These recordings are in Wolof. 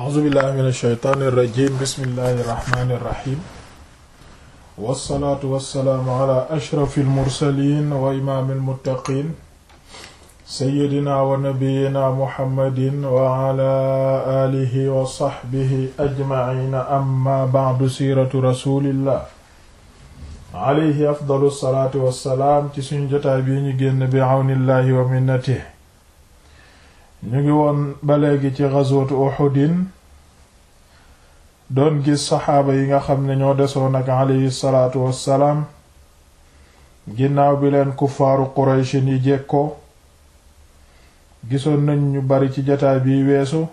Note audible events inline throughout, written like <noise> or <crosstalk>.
ahusubillah min alsheytaan irrajim bismillahi irrahmani irrahim walsalaatu walsalaamu ala ashrafi almursalin wa imaami almuttaqin seyidina wa nabiyina muhammadin wa ala alihi wa saxbihi ajmaciina amma bacdu siiratu rasulillah alayhi afdalu alsalaatu wassalaam ci suñu jotaay bii ñu génn bi awnillahi wa minnatihi ñu ngi woon ba léegi ci ghazwatu Uhudin doon gis saxaaba yi nga xam ne ñoo desoo ak aleyhi salaatu wassalaam ginnaaw bi leen kuffaaru Qurayshin yi jekkoo gisoon nañ ñu bari ci jataay biy weesu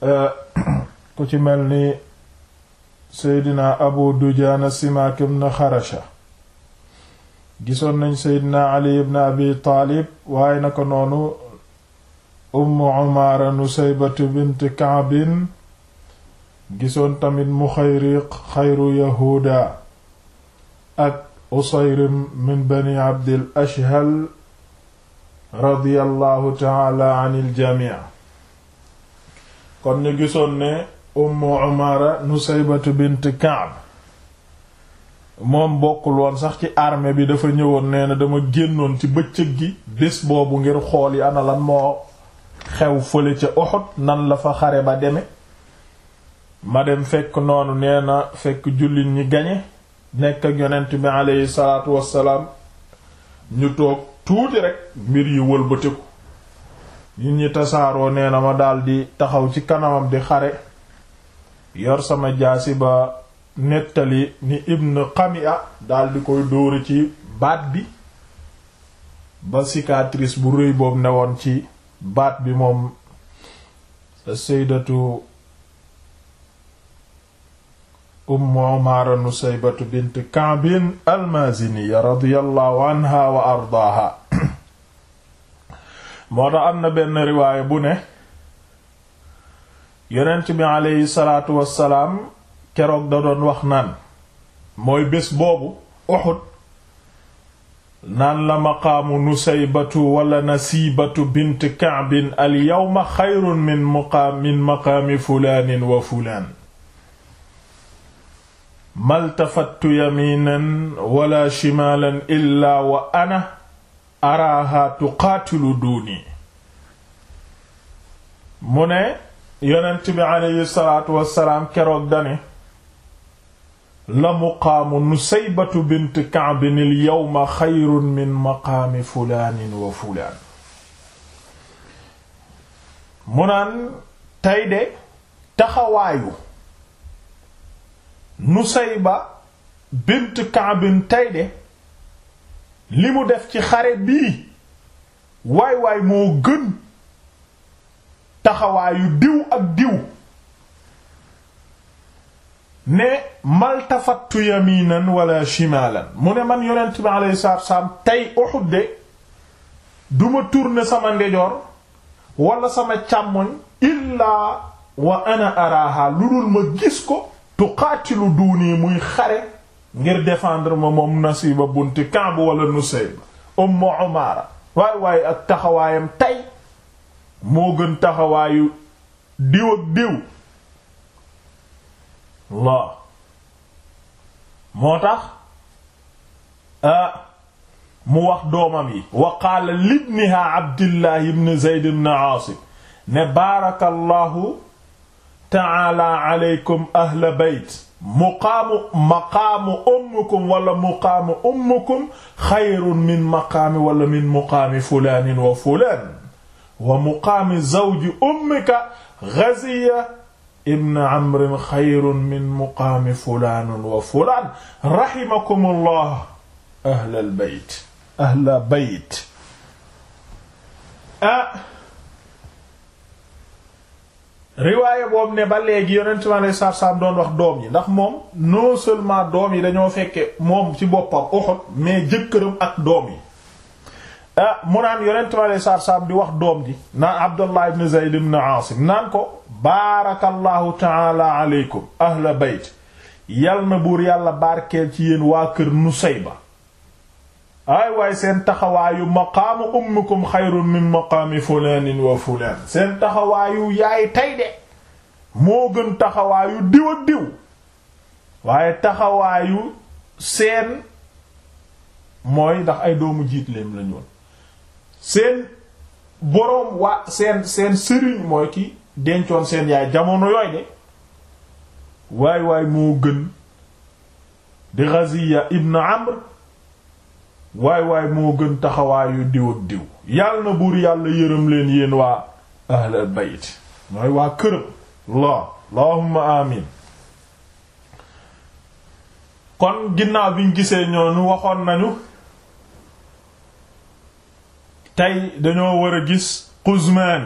<coughs> ku ci mel ni seydina Abu Dujaana Simaak ibn Xarasha gisoon nañ seydina Ali ibn Abi Taalib waaye naka noonu umm umaara nusaybatu bint kaabin gisoon tamit mu xayru yahuuda ak usayrim min bani abdil ashhal radiyallahu taala an il jamii kon ñu gisoon ne umm umaara nusaybatu bint kaab moom bokkul woon sax ci armée bi dafa ñëwoon nee na dama génnoon ci bëccëg gi bés boobu ngir xool yi ana moo xew fële ca Uhud nan la fa xare ba deme ma dem fekk noonu nee fekk jullit ñi gañe nekk ak yonent bi aleyhi wassalaam ñu toog tuuti rek mbir yi wëlbatiku nit ñi tasaaroo nee na ma daldi taxaw ci kanamam di xare yor sama jaasi ba nettali ni Ibn Qami'a daldi koy dóori ci baat bi ba cicatrice bu rëy boobu newoon ci baat bi moom saydatu ummu umaara nusaybatu bint kaabin almaaziniya radiyallahu anha wa ardaaha <clears throat> moo tax am na benn riwaaya bu ne yonent bi aleyhi salaatu wassalaam keroog da doon wax naan mooy bés boobu Uhud naan la maqaamu nusaybatu wala nasiibatu bint kaabin al yawma xayrun min maqaam min maqaami fulaanin wa fulaan maltafattu yamiinan wala shimaalan illaa wa ana araaha tuqaatilu duuni mu ne yonent bi aleyhi salaatu wassalaam keroog dane la muqaamu nusaybatu bint kaabin il yawma min maqaami fulaanin wa fulaan mu naan tey de taxawaayu nusayba bint kaabin tey li mu def ci xare bii waay waay moo gën taxawaayu diw ak diw ne maltafattu yaminan wala shimalan mu ne man yonent bi alayhi salaatu wasalaam tey Uhud de duma tourner sama ndejoor wala sama càmmoñ illaa wa ana araha lu dul ma gis ko tuqaatilu duuni muy xare ngir défendre ma moom Nasiba bunti Ka'b wala Nusayba Umm Umaara waay waay ak taxawaayam tey moo gën taxawaayu diw diw la moo tax mu wax doomam yi wa qaala libniha abdillah ibn zayd ibn aasim ne baarakallahu taala aleykum ahla beyt muqaamu maqaamu ummikum wala muqaamu ummikum xayrun min maqaami wala min muqaami fulaanin wa fulaan wa muqaami zawji ummika gaziya ibn amrin xayrun min muqaami fulaan wa fulaan raximakumullah ahlal bayt ahla bayt ah boobu ne ba léegi yonent mi alayhi salaatu salaam wax doom yi ndax moom doom yi dañoo fekke moom ci boppam Uhud mu naan yonent mi alayhi salaatu di wax doom ji naan Abdullah ibn Zayd ibn Aasim naan ko baarakallahu taala aleykum ahla bayt yal na buur yàlla barkeel ci yéen waa kër Nusayba ay waay seen taxawaayu maqaamu ummikum xayrun min maqaami fulaanin wa fulaan seen taxawaayu yaay tey de moo gën taxawaayu diw ak diw waaye taxawaayu seen mooy ndax ay doomu jiitleem lañu woon seen boroom waa seen seen sëriñ mooy ki dencoon seen yaay jamono yooy de waay waay moo gën di Ghaziya ibn Amr waay waay moo gën taxawaayu diw ak diw yàlla na buur yàlla yërëm leen yéen waa ahlal bayt mooy waa këram la allahumma amin kon ginnaaw biñ gisee ñoonu waxoon nañu tey dañoo war a gis Quzman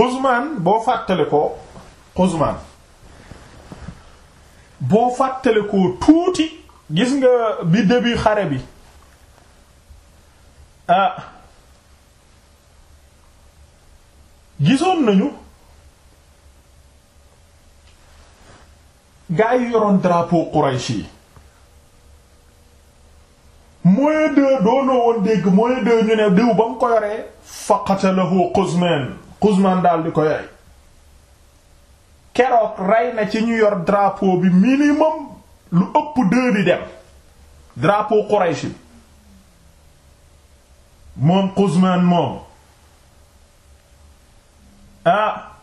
Xuzmaan boo fàttale ko Xuzmaan boo fàttale ko tuuti gis nga bi début xare bi ah gisoon nañu gaa yi yoroon drapeau Quraysh yi moyen de doonoo woon dégg moyen de ñu ne diw ba mu ko yoree faqatalahu Quzman Xuzman daal di koy rey keroog rey na ci ñu yor drapeau bi minimum lu ëpp deux di dem drapeau Quraysh bi moom Xuzman moom ah.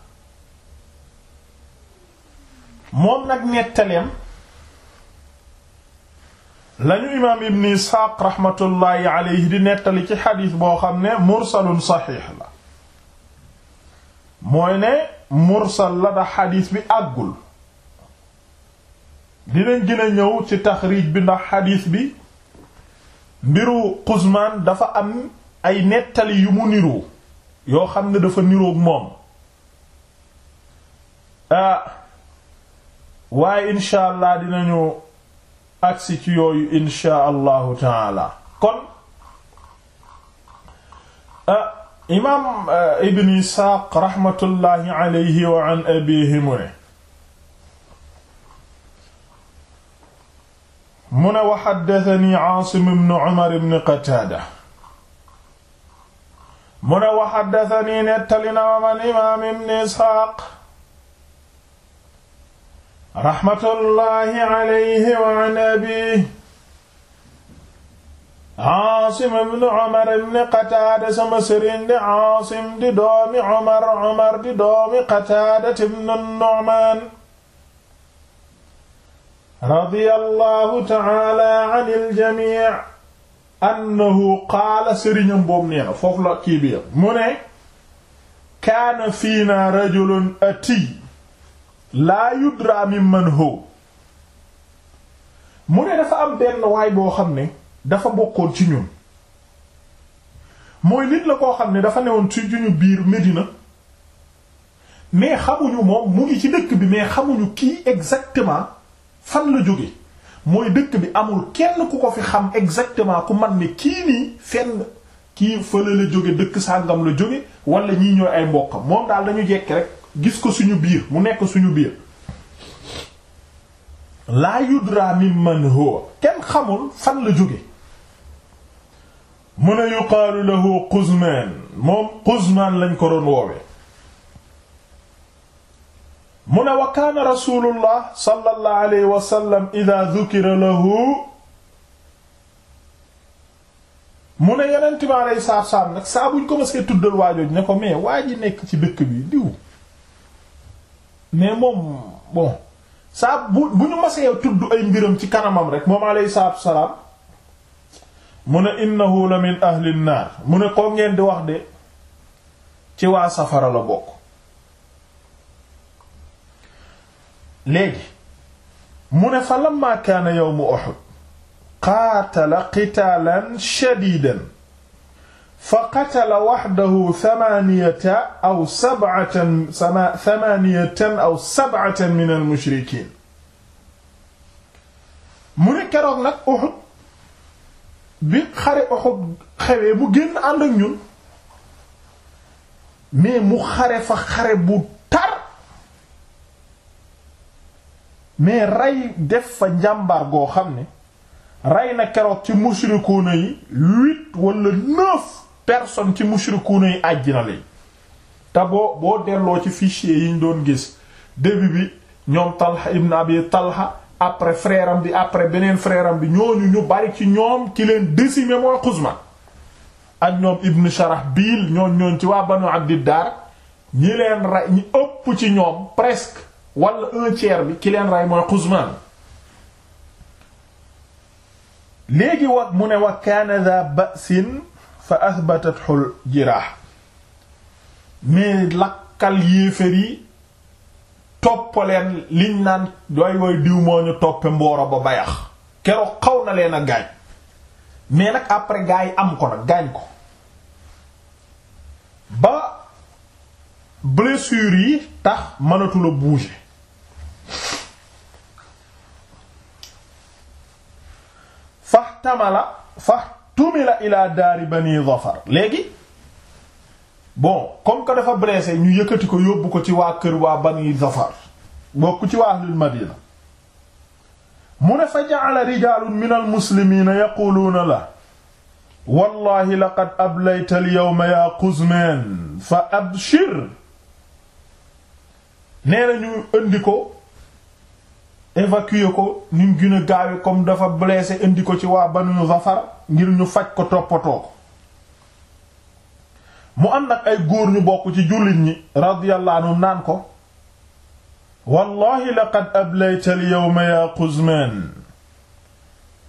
moom nag nettaleem lañu imaam ibn Isxaaq raxmatullaahi alayhi di nettali ci xadiis boo xam ne mursalun saxiix mooy ne mursal la da xadiis bi àggul dinañ gën ñëw ci taxriij bi ndax xadiis bi mbiru Quzman dafa am ay nettali yu mu niroo yoo xam ne dafa niroog moom ah, waaye incha allah dinañu agsi ci yooyu incha allahu taala kon ah imaam euh, ibn Isaaq raxmatullaahi alayhi wa an abiihi mu ne mu ne wa xaddatani Aasim ibn Umar ibn Qataada mu ne wa xaddatani nettali na man imaam ibn Isaaq raxmatullaahi alayhi wa an abiihi Aasim ibn Umar ibn Qataada sama sëriñ di Aasim di doomi Umar Umar di doomi Qataada ibn Nu'maan radiyallahu ta'ala anil jamii' annahu qaala sëriñam boobu nee na foofu la kii bi mu ne kaana fiina rajulun ati laa yudra mimman huwa mu ne dafa am benn waay boo xam ne dafa bokkoon ci ñun mooy nit la koo xam ne dafa newoon ci ñu biir Medina mais xamuñu moom mu ngi ci dëkk bi mais xamuñu kii exactement fan la jóge mooy dëkk bi amul kenn ku ko fi xam exactement ku man ne kii nii fenn kii fële la jóge dëkk sàngam la jóge walla ñii ñooy ay mbokkam moom daal dañu jekk rek gis ko suñu biir mu nekk suñu biir laa yudra min man huwa kenn xamul fan la jóge mu ne yuqaalu lahu Quzmaan moom Quzmaan lañ ko doon woowe mu ne wa kaana rasulullah sallallahu alayhi wa sallam idaa dhukira lahu mu ne yeneen bi alayhi salaatu salaam nag saa buñ ko mësee tuddal waajooj ne ko mais waa yi nekk ci dëkk bi diw mais moom bon saa bu bu ñu mësee tudd ay mbiram ci kanamam rek moom alayhi salaatu salaam mu ne innahu la min ahli naar mu ne ngeen di wax de ci waa safara la bokk léegi mu ne fa lamma kaana yawmu Uhud qaatala qitaalan shadiidan fa qatala wahdahu thamaaniyata aw sab'atan aw sab'atan min al-mushrikiin mu ne keroog nag bi xare Uhud xewee mu génn ànd ak ñun mais mu xare fa xare bu tar mais ray def fa njàmbaar goo xam ne ray na keroog ci mushrikuuna yi huit wala neuf personnes ci mushrikuuna yi àjjina lay te boo boo delloo ci fichier yi ñu doon gis début bi ñoom Talha ibn Abi Talha après frère bi après beneen frère bi ñooñu ñu bari ci ñoom ci leen décimé mooy Xuzma ak ñoom Ibn Sharahbil ñooñ ñooñ ci waa Banu Abdiddar ñi leen rey ñi ëpp ci ñoom presque walla un bi ci leen rey mooy Xuzman léegi wax mu ne wa kaana za ba'sin fa athbatathu al jirah mais lakkal yéefér yi toppaleen liñ naan doy way diw moo ñu toppe mbooro ba bayax keroog xaw na leen a gaañ mais nag après gaa yi am ko nag gaañ ko ba blessure yi tax mënatula bouger faxtamala faxtumila ila daari bani Zafar léegi bon comme que dafa blessé ñu yëkkati ko yóbbu ko ci waa kër waa bani Zafar bokk ci waa ahlul Madina mu ne fa ja'ala rijaalun minal muslimiina yaquluuna la wallahi laqad ablayta al-yawma yaa Quzmaan fa abshir nee na ñu indi ko évacuer ko ni mu gën a dafa blessé indi ko ci waa banu Zafar ngir ñu faj ko toppatoo mu am nag ay góor ñu bokk ci jullit ñi radiyallahu anhum naan ko wallahi laqad ablayta al yawma ya Quzman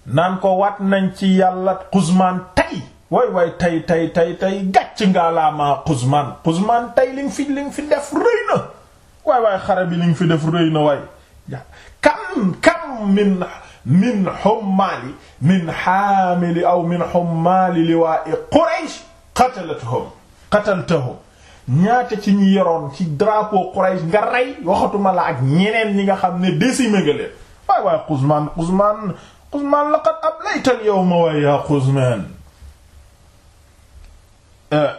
naan ko wat nañ ci yàlla Quzman tey way way tey tey tey tey gàcc ngaa laa maa Quzman Quzman tey li fi li fi def rëy na waay waay xare fi def rëy na waay kam kam min min hummaali min haamili aw min hummaali liwaa'i Quraysh qatalatuhum qataltahu ñaata ci ñi yoroon ci drapeau Quraysh nga rey waxatuma la ak ñeneen ñi nga xam ne décimé nga leen waay waay Quzman Quzman Quzman laqad ablayta al-yawma wa ya Quzman eh,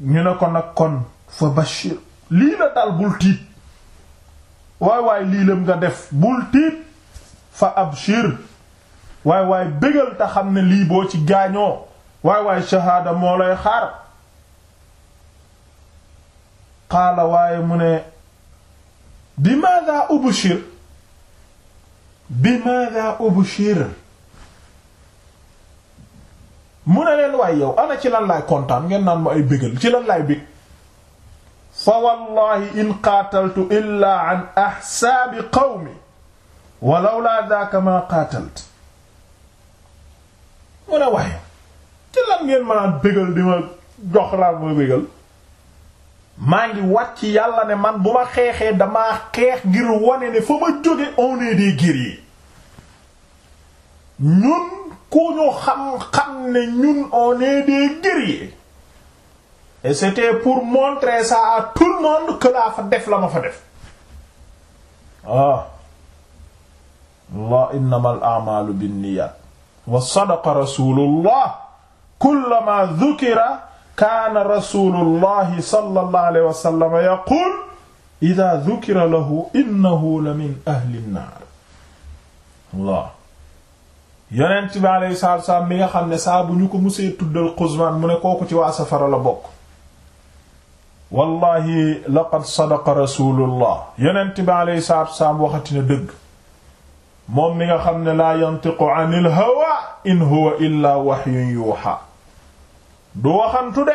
ñu ne ko nag kon fa bashir lii la dal bul tiit waay waay lii lam nga def bul tiit fa abshir waay waay bégal te xam ne lii boo ci gaañoo waay waay shahaada moo xaar qaala waaye mu ne bi maada ubshir bi maada ubshir mu ne leen waay yow ana ci lan laay kontaan ngeen naan ma ay bégal ci lan laay bég fa wallahi in qaataltu illaa an axsaabi qawmi walaw ci lan ngeen ma naan bégal di ma jox laa ma bégal maa ngi wàcc yàlla ne man bu ma xeexee dama xeex ngir wone ne fa ma jóge on est des guerriers ñun ku ñu xam-xam ne ñun on est des guerriers et c'était pour montrer ça à monde que fa def la ma fa def ah Allah innamal a'malu binniyat wa sadaqa rasulullah kullama dhukira kaana rasulullahi sallallahu alayhi wa sallam yaqul ida dukira lahu innahu la min ahli nnaar Allah yonent bi alayhi salaatu wasalaam mi nga xam ne saa bu ñu ko musee tuddal Quzman mu ne kooku ci waa safara la bokk wallahi laqad sadaqa rasulullah yonent bi alayhi salaatu wasalaam waxati na dëgg moom mi nga xam ne laa yantiqu anil hawa in huwa illa wahyun yuha du waxantu de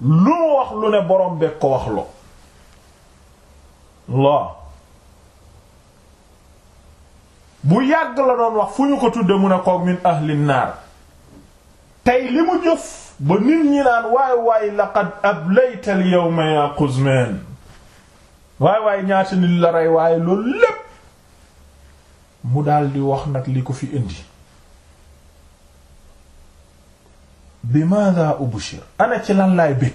lu mu wax lu ne borom beeg ko wax loo loo bu yàgg la doon wax fu ñu ko tudde mu ne ko min ahli naar tey li mu jëf ba nit ñi naan waay waay laqad ablayta al yawma ya Quzman waay waay ñaata nit la rey waaye loolu lépp mu daldi wax nag li ko fi indi bi maada ubshir ana ci lan laay bég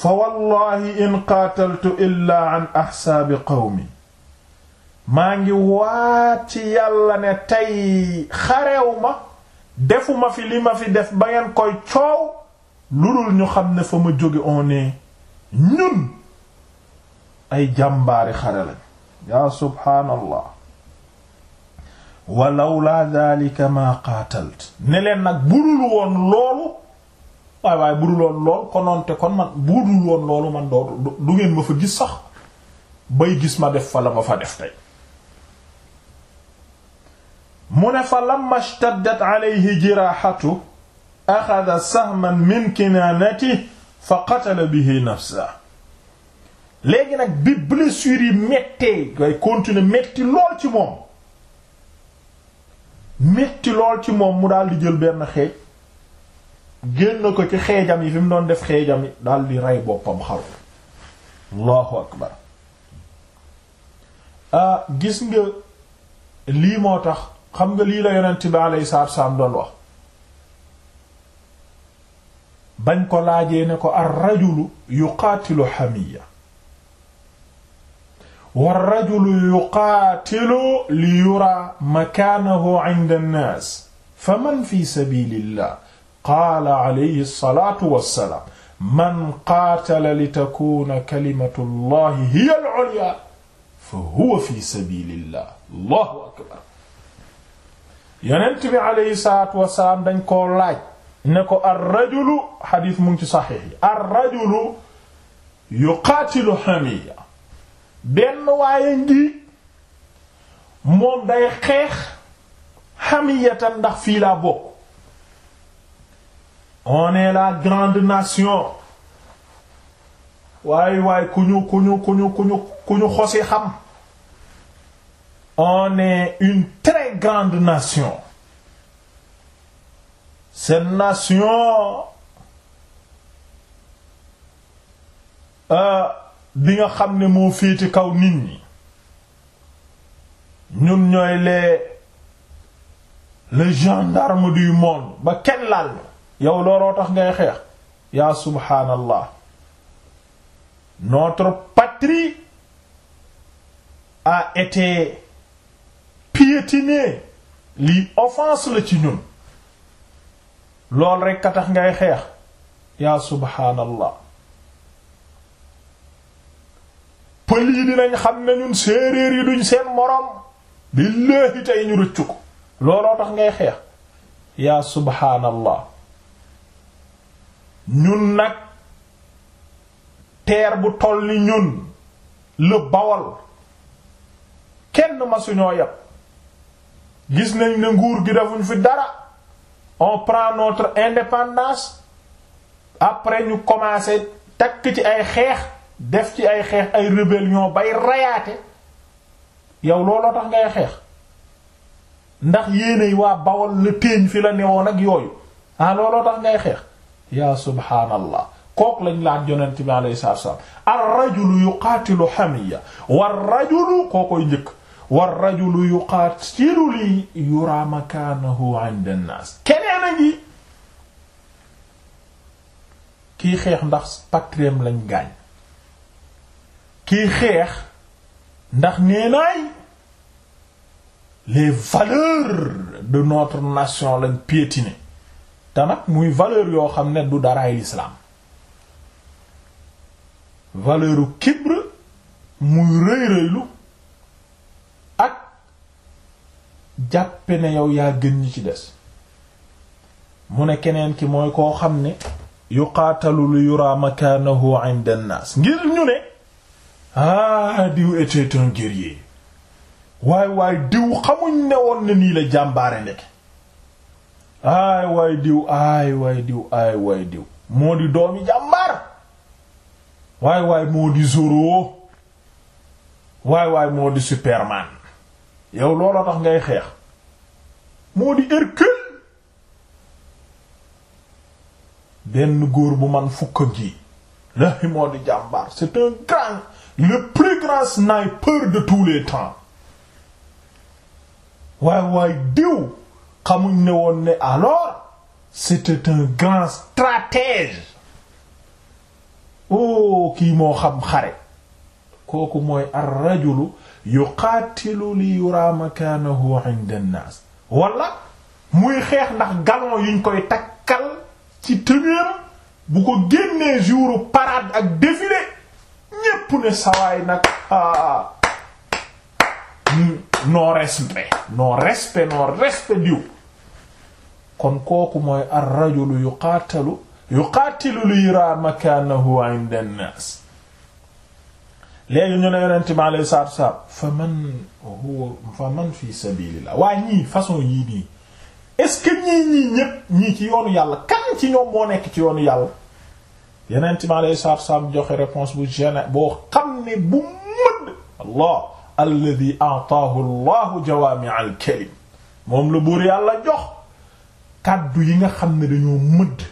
fa wallahi in qaataltu illaa an axsaabi qawmi maa ngi waat ci yàlla ne tay xareew defuma fi li ma fi def ba ngeen koy coow lu dul ñu xam ne fa mu jóge on est ñun ay jàmbaari xare lañ yaa subhaanallah wa lawla ma qaatalt ne leen nag budul woon loolu waaye waaye budul woon lool konoonte kon man budul woon loolu man dootu du ngeen ma fa gis sax bay gis ma def fa la ma fa def tey mu ne fa lamma shtaddat alayhi jirahatu axada sahman min kinaanati fa qatala bihi nafsa léegi nag bi blessure yi lool ci moom metti lool ci moom mu daal di jël benn xeej génn ko ci xeejam yi fi doon def xeejam yi daal di rey boppam xaru allahu akbar ah, gis nga lii moo tax xam nga lii la yonent bi alayhi salaatu salaam doon wax bañ ko laajee ne ko ar rajulu yuqaatilu hamiya warrajulu yuqaatilu li yura makaanahu inda nnaas fa man fi sabilillah qaala alayhi salaatu wassalaam man qaatala li takuuna kalimatu llahi hiya al-ulyaa fa huwa fi sabilillah allahu akbar yonent bi alayhi salaatu wassalaam dañ koo laaj ne ko ar-rajulu xadiis mu ngi ci saxiix yi ar-rajulu yuqaatilu hamiya benn waaye ngi moom day xeex xamiyatan ndax fii laa bokk on est la grande nation waaye waaye ku ñu ku ñu ku ñu ku ñu ku ñu xosi xam on est une très grande nation cette nation euh bi nga xam ne moo ci kaw nit ñi ñun ñooy les les gendarmes du monde ba kenn laal yow looloo tax ngay xeex yaa subhaanallah notre patrie a été piétinée lii offense la ci ñun lool rekk a tax ngay xeex yaa subhaanallah pël dinañ xam nañu séeréer yi duñ seen moroom billaahi tey ñu rëccu ko looloo tax ngay xeex yaa subhaanallah ñun nag teer bu toll ni ñun la bawal kenn masuñoo yab gis nañ ne nguur gi defuñ fi dara on prend notre indépendance après ñu commencé takk ci ay xeex def ci ay xeex ay rébellion bay rayaate yow looloo tax ngay xeex ndax yéenay waa bawol la téeñ fi la newoon ak yooyu ah looloo tax ngay xeex yaa subhaanallah kook lañ laaj yonent bi alayhi salaatu wa salaam ar rajulu yuqaatilu hamiya war rajulu kookoy njëkk war rajulu yuqaatilu li yura makaanahu inda an-naas keneen a kii xeex ndax patrem lañ gaañ kiy xeex ndax nee naay les valeurs de notre nation lañ piétiner te nag muy valeur yoo xam ne du daraay l'islam valeuru kibre muy rëy rëylu ak jàppe ne yow yaa gën ñi ci des mu ne keneen ki mooy koo xam ne yu xaatalul yura makanahu inda an ngir ñu ne ah diw était un guerrier waay waay diw xamuñ ne woon ne nii la jàmbaare nekk aay waay diw aay waay diw aay waay diw moo di doomi jàmbaar waay waay moo di Superman yow looloo tax ngay xeex moo di Hercule benn góor bu man fukk a ngi moo di jàmbaar c'est un grand le plus grand sniper de tous les temps waaye diw xamuñ ne woon ne alors c'était un grand stratège oh kii moo xam xare kooku mooy ar-rajulu yuqaatilu li yura makaanahu 'inda an wala muy xeex ndax galon yuñ koy takkal ci tëneem bu ko génnee jouru parade ak défilé ne sawaay nag ah mm, diw kon kooku mooy ar rajulu yuqaatalu yuqaatilu li yara makanahu inda fa man huwa fa man waaye ñii façon yii nii est-ce ñii ñii ñépp ñii ci yoonu yàlla kan ci ñoom moo nekk ci yoonu yàlla yeneen ci la lay saabsaab joxe réponse bu gêné boo xam ne bu mëdd allah alladi ataahu la buur jox kàddu yi nga xam ne dañoo mëdd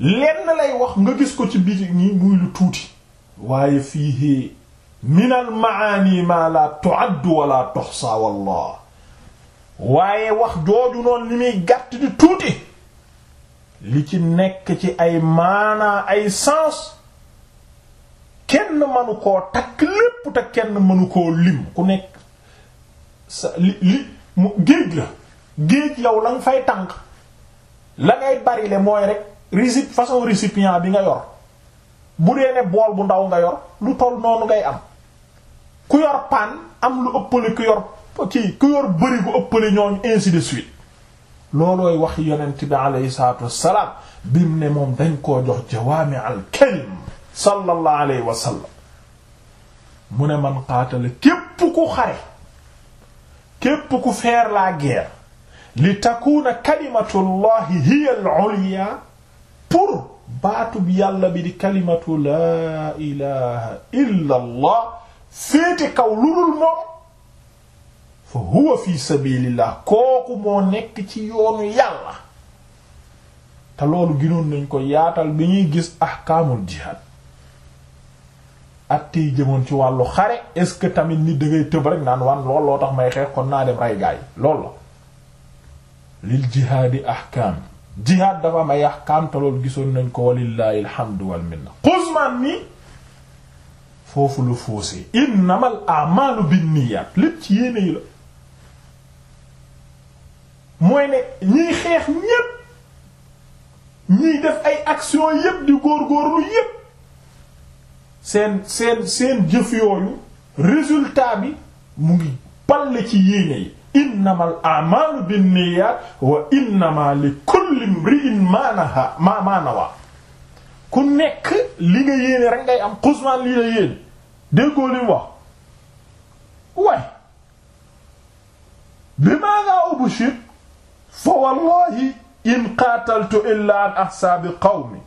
lenn lay wax nga gis ko ci biti ñi muy lu tuuti waaye fii min al maani ma la tu'addu wala waaye wax jooju noonu li muy gàtt di tuuti li ci nekk ci ay maanaa ay sens kenn mënu koo takk lépp te kenn mënu koo lim ku nekk sa li li mu géej la géej yow la nga fay tànk la ngay barile mooy rek récip façon récipient bi nga yor bu dee ne bool bu ndaw nga yor lu toll noonu ngay am ku yor paan am lu ëppale ku yor kii ku yor bëri bu ëppale ñooñu ainsi de suite loolooy wax yonent bi aleyhi salaatu wassalaam bim ne moom dañ koo jox jawaami al kalim sallallahu alayhi wa sallam mu ne man qaatale képp ku xare képp ku faire la guerre li takuna kalimatullahi hiya al ulya pour baatub yàlla bi di kalimatu laa ilaha illa allah féete kaw lu dul moom fa kooku moo nekk ci yoonu yàlla te loolu ginoon nañ ko yaatal bi ñuy gis ahkaamul jihaad at jëmoon ci wàllu xare est-ce tamit ni da ngay tëb rek naan wan lool loo tax may xeex kon naa dem rey gaay lool la lil jihaadi ahkaam jihaad dafa am ay ahkaam te loolu gisoon nañ ko walillahi alhamdu wal minna ni foofu lu foosee innamal a'malu binniyat lépp ci yéene yi la mooy ne ñiy xeex ñépp ñiy def ay action yépp di góorgóorlu yépp seen seen seen jëf yooyu résultat bi mu ngi ball ci yéene yi innamal a'malu binniyat wa innama li kulli imri'in ma naha ma ma ku nekk li nga yéene rek ngay am xusmaan li nga yéene déggoo li wax waay bi maa ngaa ubbu shit fa wallahi in qaataltu illa an ahsaabi qawmi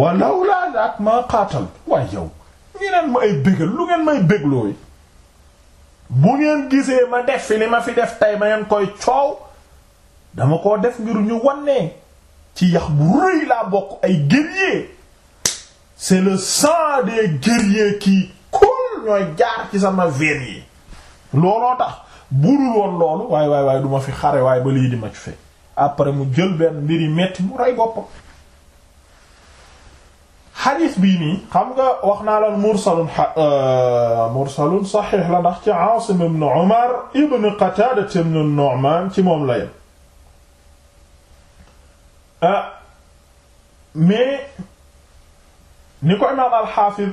walaw laa daak maa qaataltu waaye yow ngeen ma ay bégal lu ngeen may béglooy bu ngeen gisee ma def fi li ma fi def tey ma ngeen koy coow dama ko def ngir ñu wannee ci yax bu rëy laa bokk ay guerrier c'est le sang des guerriers qui ñooy jaar ci sama veine yi looloo tax budul woon loolu waaye waaye waaye du ma fi xare waaye ba lii di ma ci fekk après mu jël benn mbir yi metti mu rey boppam xadiis bii nii xam nga wax naa lan mursalun euh, mursalun saxiix la ndax ci Aasim ibn Umar ibn Qataada ibn Nu'maan ci moom la yem euh, mais ni ko imaam alxaafiz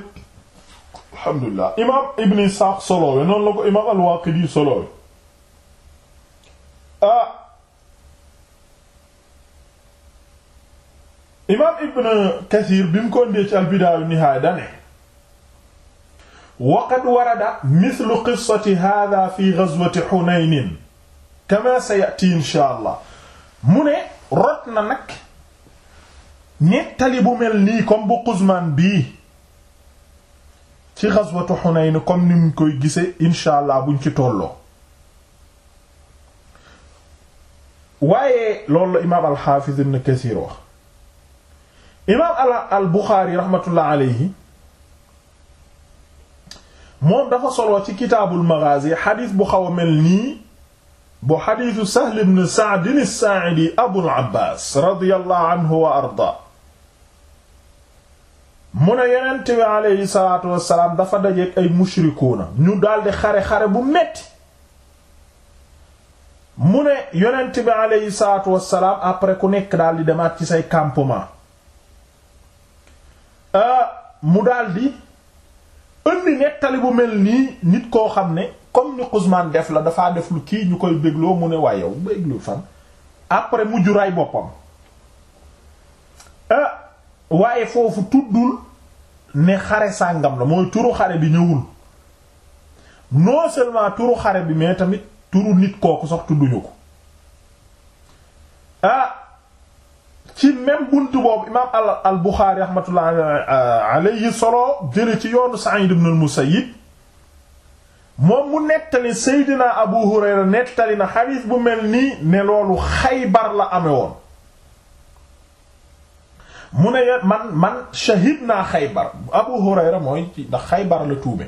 alhamdulilah imaam ibn Isaaq solowe noonu la ko imaam al-Waaqidi solowe ah imaam ibn kathir bi mu ko ndee ci albidaaya wa nihaaya dane wa qad warada mithlu qissati hadha fi ghazwati hunaynin kama sayati insha allah mu ne rot na nag nettali bu mel nii comme bu Quzman bii ci ghazwatu Hunayn comme ni mu koy gise insha allah buñ ci tolloo waaye loolu la imaam alxaafiz ibn Kasiir wax imaam al al Buxaari raxmatullah aleyhi moom dafa solo ci kitaabul maghaazi xadiis bu xaw a mel nii bu xadiisu Sahl ibn Sa'd as-Saa'idi Abul Abbaas radiyallahu anhu wa ardaa mu ne yonent bi aleyhi salaatu dafa dajeek ay mushrikuuna ñu daldi xare xare bu metti mu ne yonent bi aleyhi salaatu wassalaam après ku nekk daal di demaat ci say campement euh, mu daal di indi nettali bu mel nii nit koo xam ne comme ni Xuzmaan def la dafaa def lu kii ñu koy bégloo mu ne waaye yow bégloo fan après mujj ray boppam euh, waaye foofu tuddul ne xare sàngam la mooy turu xare bi ñëwul non seulement turu xare bi mais tamit turu nit kooku sax tudduñu ko ah ci même bunt boobu imaam al al Buxaari rahmatullah alayhi solo jële ci yoonu Sa'id ibn al moom mu nettali Seydina Abu Hurayra nettali na xadiis bu mel nii ne loolu Xaybar la amee woon mu ne man man shahid Xaybar Abu Hurayra mooy ndax Xaybar la tuube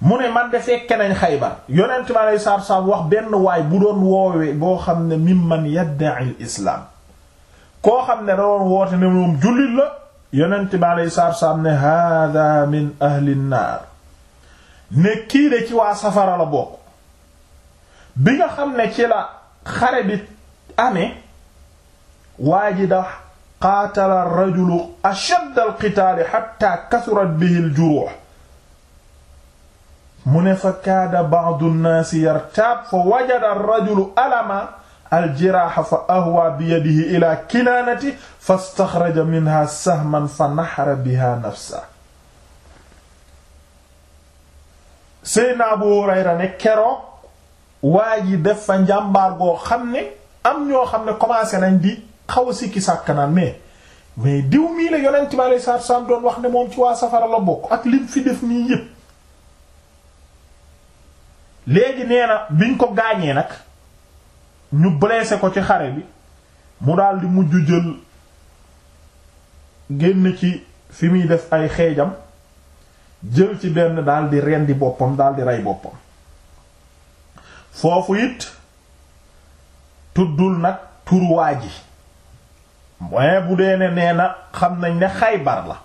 mu ne man de fekke nañ Xaybar yonent bi aleyhi salaatu wax benn waay bu doon woowee boo xam ne mimman yadda'i islaam koo xam ne da doon woote ne moom jullit la yonent bi aleyhi salaatu ne haadaa min ahli naar ne kii ci waa safara la bokk bi nga xam ne ci la xare bi amee waa ji qaatala ar-rajulu ashadda al-qitaali kasurat bihi al mu ne fa kaada ba'du nnaasi yartaab fa wajada ar-rajulu alama aljiraha fa ahwa bi yadihi ila kinaanati fa staxraja minha sahman fa naxara biha nafsa Seydina Abu Hurayra ne keroog waa ji def fa njàmbaar goo xam ne am ñoo xam ne commencé nañ di xaw a sikki sàkk naan mais mais diw mii la yonent bi alayhi salaatu wa salaam wax ne moom ci waa safara la bokk ak lim fi def nii yépp léegi nee na biñ ko gaañee nag ñu blessé ko ci xare bi mu daldi mujj jël génn ci fi muy def ay xeejam jël ci benn daal di rendi boppam daal di rey boppam foofu it tuddul nag turwaa ji mooy bu dee ne nee na xam nañ ne xaybar la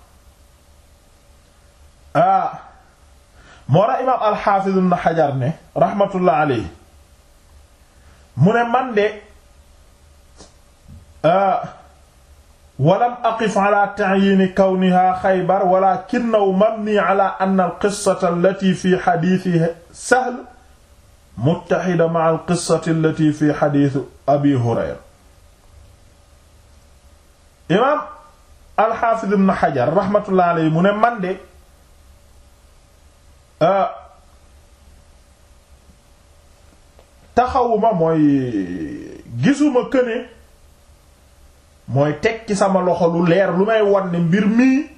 ah moo tax imaam alxaafiz ibn xajar ne raxmatullah alayhi mu ne man de euh, walam aqif ala ta'yin kawniha xaybar walakinahu mabni ala anna alqissata allati fi xadiisi sahl muttaxida ma'a alqissati allati fi xadiisi abi hurayra imaam alxaafiz ibn xajar raxmatullah alayhi mu ne man de Euh, taxawuma mooy gisuma këne mooy teg ci sama loxo lu leer lu may wan ne mbir mii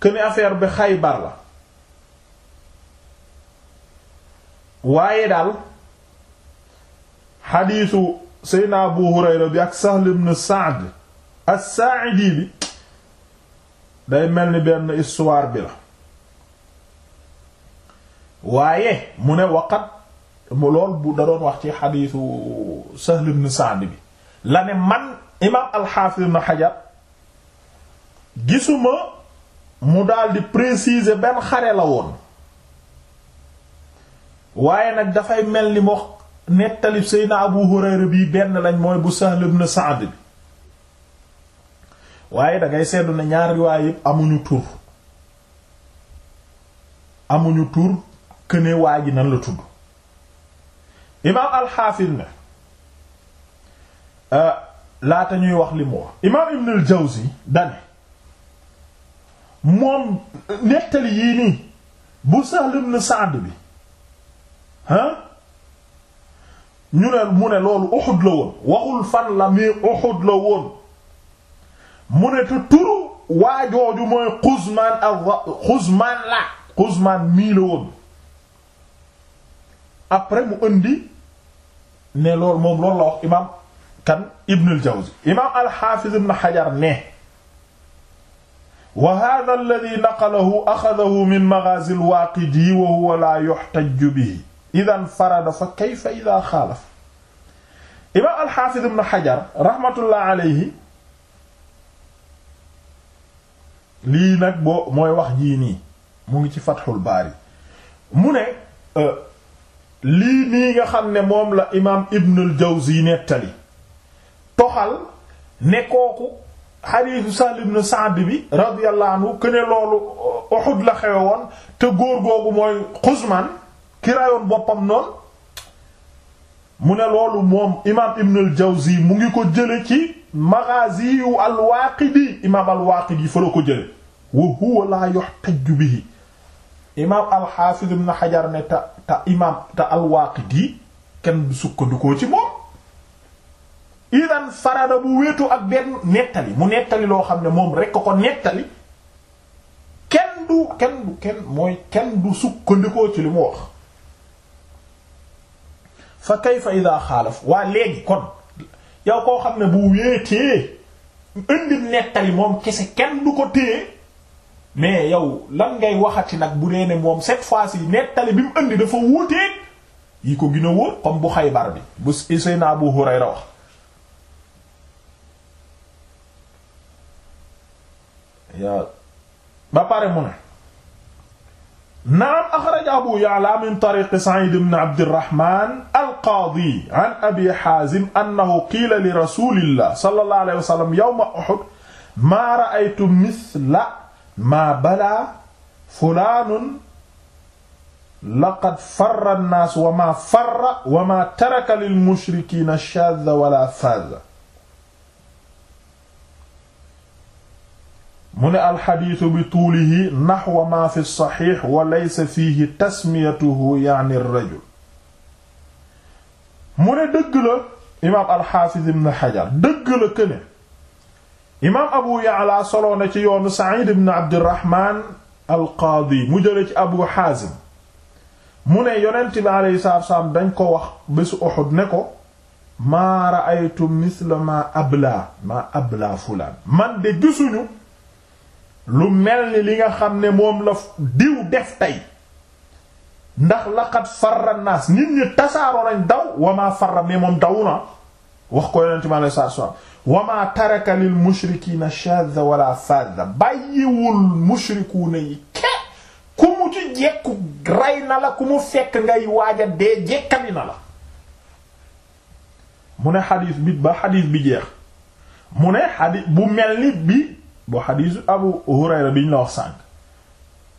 këne affaire bi Xaybar la waaye daal xadiisu Seydina Abu Hurayra bi ak Sahl ibn Sa'd as-Sa'idi bi day mel ni benn histoire bi la waaye mu ne waqat mu lool bu da doon wax ci xadiisu Sahl ibn Sa'd bi la ne man imaam al-Hafiz ibn gisuma mu daal di préciser benn xare la woon waaye nag dafay mel ni moo nettali Seydina Abu Hurayra bii benn lañ mooy bu Sahl ibn Sa'd bi waaye dangay seetlu ne ñaar riwaay yépp amuñu tur amuñu tur këne waa nan la tudd imaam alxaafis ne euh, laata ñuy wax lim mu wax imaam ibn al dane moom nettali yii nii bu Sahl ibn Sa'd bi ah ñu ne mu ne loolu Uhud la woon waxul fan la mii Uhud la woon mu ne te turu waajooju mooy Xuzmaan ak Xuzmaan la Xuzmaan mii la woon après mu indi ne loolu moom loolu la wax imaam kan Ibn al-Jawzi imaam al-Hafiz ibn Hajar ne wa hadha alladhi naqalahu akhadahu min maghazi al-Waqidi wa huwa la yuhtajju bihi idhan farada fa kayfa idha khalafa imaam al-Hafiz ibn Hajar rahmatullah alayhi lii nag boo mooy wax jii nii mu ngi ci Fathul Bari mu ne euh, lii nii nga xam ne moom la imaam Ibnul Jawzi nettali toxal ne kooku xadiisu Sahl ibn Sa'd bi radiyallahu anhu que ne loolu uh, Uhud la xewe woon te góor googu mooy Xuzman ki boppam noonu mu ne loolu moom imaam Ibnul Jawzi mu ngi ko jële ci Maghaazi al-Waaqidi imaam al fa la ko jële wa huwa laa yuhtajju bihi imaam alxaafid ibn xajar ne te te imaam te alwaaqidi kenn sukkandikoo ci moom idan farada bu wéetu ak benn nettali mu nettali loo xam ne moom rekk ko nettali kenn du kenn du kenn mooy kenn du sukkandikoo ci li mu wax fa kayfa ida xaalaf waa léegi kon yow koo xam ne bu wéetee indi nettali moom kese kenn du ko téye mais yow lan ngay waxati nag bu dee ne moom nettali bi mu indi dafa wuuteeg yi ko gën a wóor bi bu Seydina Abu Hurayra wax yaa ba pare mu ne naam axraja Abu Ya'la min tariq Sa'id ibn Abdirrahman al-Qadi an Abi Hazim annahu qiila li Rasulillah sallallahu alayhi wa sallam yawma Uhud ma ra'aytu mithla maa badaa fulaanun laqad farra an-naas wa maa farra wa maa taraka lil mushrikiina shaadha wala faadha mu ne alxadiisu bi tuulihi naxwa maa fi saxiix wa laysa fiihi tasmiyatuhu yaani rajul mu ne dëgg la imaam alxaafis ibn xajar dëgg la këne imaam abu ya'la soloo na ci yoonu sa'id ibn abdirahman alqaadi mu jële ci abu xaazim mu ne yonent bi alayhi salaatu wasalaam dañ ko wax bésu Uhud ne ko maa ra'aytu misla ma abla ma abla fulaan man de gisuñu lu mel ni li nga xam ne moom la diw def tey ndax laqad farra naas nit ñi tasaaroo nañ daw wa maa farra mais moom daw na wax ko yonent mi alayhi salaatu salaam wa maa taraka lil mushrikiina shadda wala fadda bàyyiwul mushrikuuna yi ke ku mu ci jekku rey na ku mu fekk ngay waaja dee jekkali na la mu ne xadiis bi ba xadiis bi jeex mu ne bu mel ni bi bu xadiisu Abu Hurayra bi ñu la wax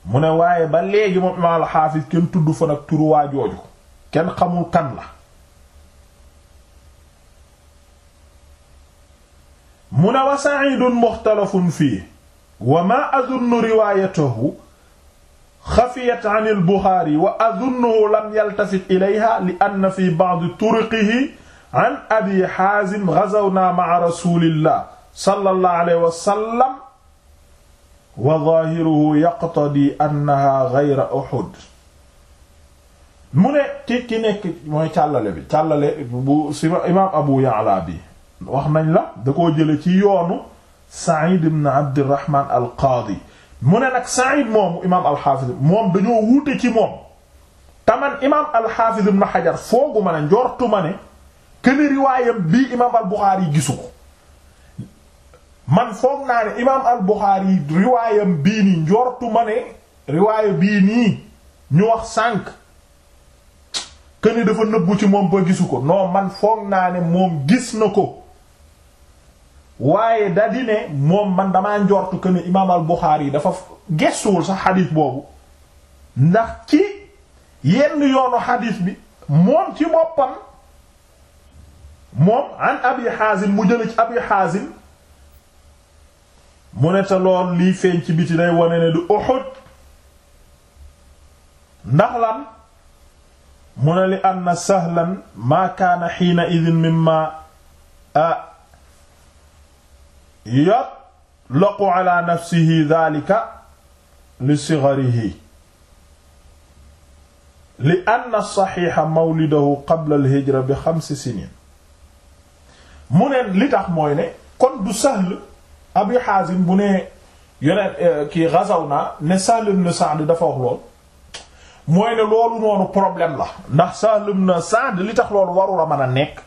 mu ne waaye ba léegi moom imaam al-Xaafis kenn tudd fa nag turu waa jooju kenn xamul kan la mu ne wa sa'idun mukhtalafun fii wa ma adunnu riwaayatahu xafiyat an al-Buxaari wa adunnuhu lam yaltafit ilayha li anna fi ba'di turuqihi an abi Haazim ghazawnaa ma'a rasuulillah sallallahu alayhi wa sallam wa zaahiruhu yaqtadii annahaa ghayra Uhud mu ne ki ki nekk mooy càllale bi càllale bu imaam Abu Ya'la bi wax nañ la da koo jële ci yoonu Sa'id ibn Abdirahman al qaadi mu ne nag Sa'id moomu imaam alxaafis moom dañoo wuute ci moom taman imaam alxaafis ibn Hajar foogu ma ne njortu ma ne këni riwaayam bii yi gisu ko naa ne bii nii njortu ma ne riwaaya bii nii ñu wax sànq këni dafa nëbbu ci moom ba gisu ko non man foog naa ne moom gis na ko waaye da di moom man damaa njortu que ne imaam al Buxaari yi dafa gestuwul sax xadiis boobu ndax ci yenn yoonu xadiis bi moom ci boppam moom an abi Haazim mu jële ci abi Haazim mu ne te lool liy feeñ ci biti day wane ne du Uhud ndax lan mu ne li anna sahlan maa kaana xiina idin mimma yatlaqu ala nafsihi dhalika li sigharihi li anna saxiixa mawlidahu qabla alhijra bi xamsi sinin mu ne li tax mooy ne kon du Sahl Abi Xaasim bu ne yoneen eh, kii gazaw naa ne Sahl ibn Sa'd dafa wax lool problème la ndax Sahl ibn Sa'd li tax loolu warul mën a nekk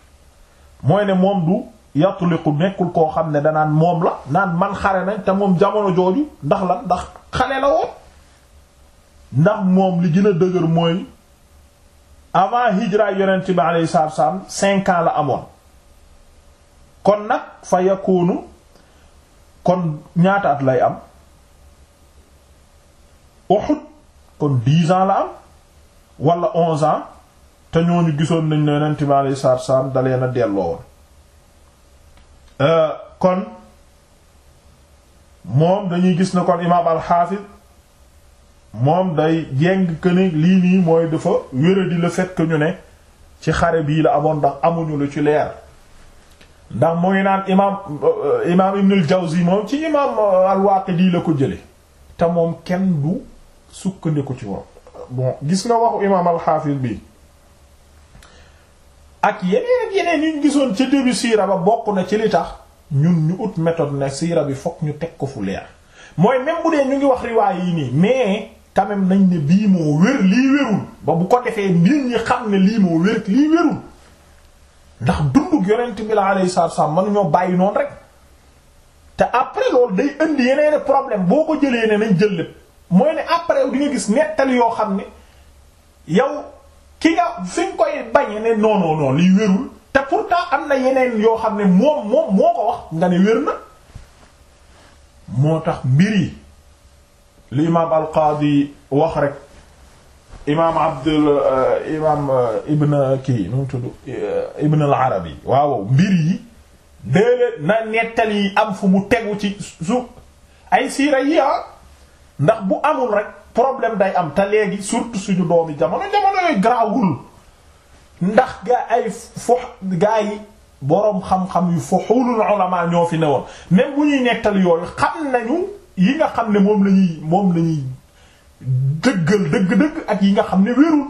moo ne moom du yatliqu nekkul koo xam ne danaan moom la naan man xare nañ te moom jamono jooju ndax la ndax xale la woon ndax moom li gën a dëgër mooy avant hijra yonent bi alayhi salaatu wassalaam cinq ans la amoon kon nag fa kon ñaata lay am Uhud kon la am wala onze ans te ñooñu gisoon nañ ne yonent bi alayhi salaatu wassalaam dalee na delloo woon Euh, kon moom dañuy gis na kon imaam alxaafis moom day jeng que ne lii nii mooy dafa wéradi le fait que ñu ne ci xare bii la amoon ndax amuñu lu ci leer ndax mu ngi naan imaam euh, imaam ibnul jawzi moom ci imaam euh, al-Waaqidi la ko jële te moom kenn du sukkandiku ci woon bon gis nga waxu imaam alxaafis bi ak yeneen yeneen yu ñu gisoon ca début siira ba bokk na ci li tax ñun ñu ut méthode na siira bi fokk ñu teg ko fu leer mooy même bu dee ñu ngi wax riwaay yi nii mais quand nañ ne bii moo wér lii wérul ba bu ko defee nit ñi xam ne lii moo wér lii wérul ndax dunduk yonent bi la alayhi salaatu wasallam man ñoo bàyyi noonu rek te après loolu day indi yeneen problème boo ko jëlee ne nañ jël lépp mooy ne après di nga gis nettali yoo xam ne yow ki nga fi nga koy bañe ne non non li wérul te pourtant am na yeneen yoo xam ne moom moom moo ko wax nga ne wér na moo tax mbir yi li imaam alqaadi wax rek imaam abdul euh, imaam euh, ibn kii nu mu tudd euh, ibn al waaw mbir yi déedéet na nettal am fu mu tegu ci su ay siira yi ah ndax bu amul rek problème day am te léegi surtout suñu doomi jamono jamono yooyu garaawul ndax gaa ay fo gaa yi boroom xam-xam yu fuhulul ulama ñoo fi newoon même bu ñuy nettali yooyu xam nañu yi nga xam ne moom la moom la ñuy ak yi nga xam ne wérul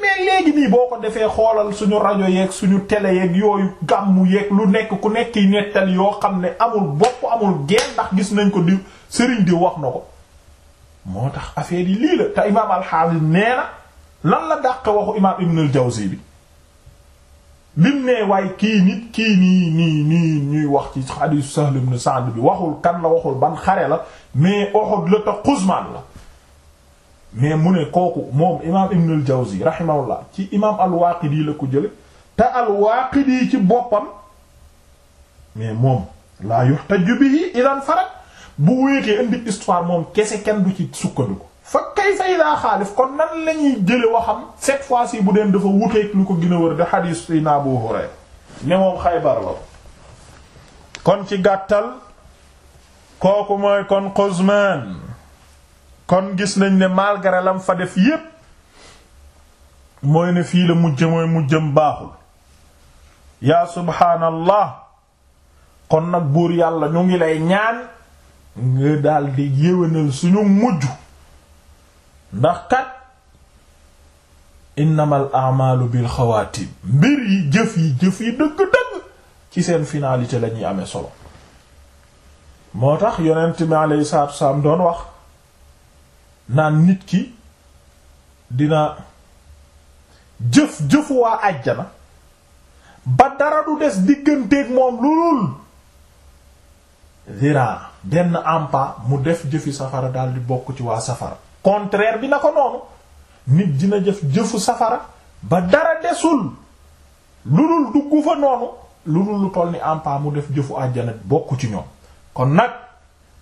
mais boo ko defee xoolal suñu rajo yeeg suñu télé yeeg yooyu gàmmu yeeg lu nekk ku nekk nettali yoo xam ne amul bopp amul geen ndax gis nañ ko di sëriñ di wax na ko moo tax affaire yi lii la te imaam alxaafis nee na lan la dàq waxu imaam Ibn al-Jawzi bi lim ne waaye kii nit kii nii nii nii ñuy wax ci xadiisu Sahl ibn Sa'd bi waxul kan la waxul ban xare la mais Uhud la te Quzman la mais mu ne kooku moom imaam Ibn al rahimahullah ci imaam al la ko jële te al ci boppam mais moom laa yuhtaju bihi idan farad bu wéetee indi histoire moom kese kenn du ci sukkandiku. fa kayfa idaa xaalif kon nan lañuy jële waxam cette fois ci bu deen dafa wuteeg lu ko gën a wër de xadiis sayna Abu Hurayra ne moom Xaybar la kon ci gàttal kooku mooy kon Quzman kon gis nañ ne malgré lam fa def yépp mooy ne fii la mujj mooy mujjam baaxul yaa subhaanallah kon nag buur yàlla ñu ngi lay ñaan nga daldi yéwénal suñu mujj ndax kat innamal a'malu bil xawaatim mbir yi jëf yi jëf yi dëgg-dëgg ci seen finalité la ñuy amee solo moo tax yonent mi alayhi salaatu wasalaam doon wax naan nit ki dina jëf jëfu waa àjjana ba dara du des digganteeg moom lu dul ziraa benn ampa mu def jëfi safara daal di bokk ci waa safara contraire bi na ko noonu nit dina jëf jëfu safara ba dara desul lu dul dugg fa noonu lu dul lu toll ni ampa mu def jëfu àjjana bokku ci ñoom kon nag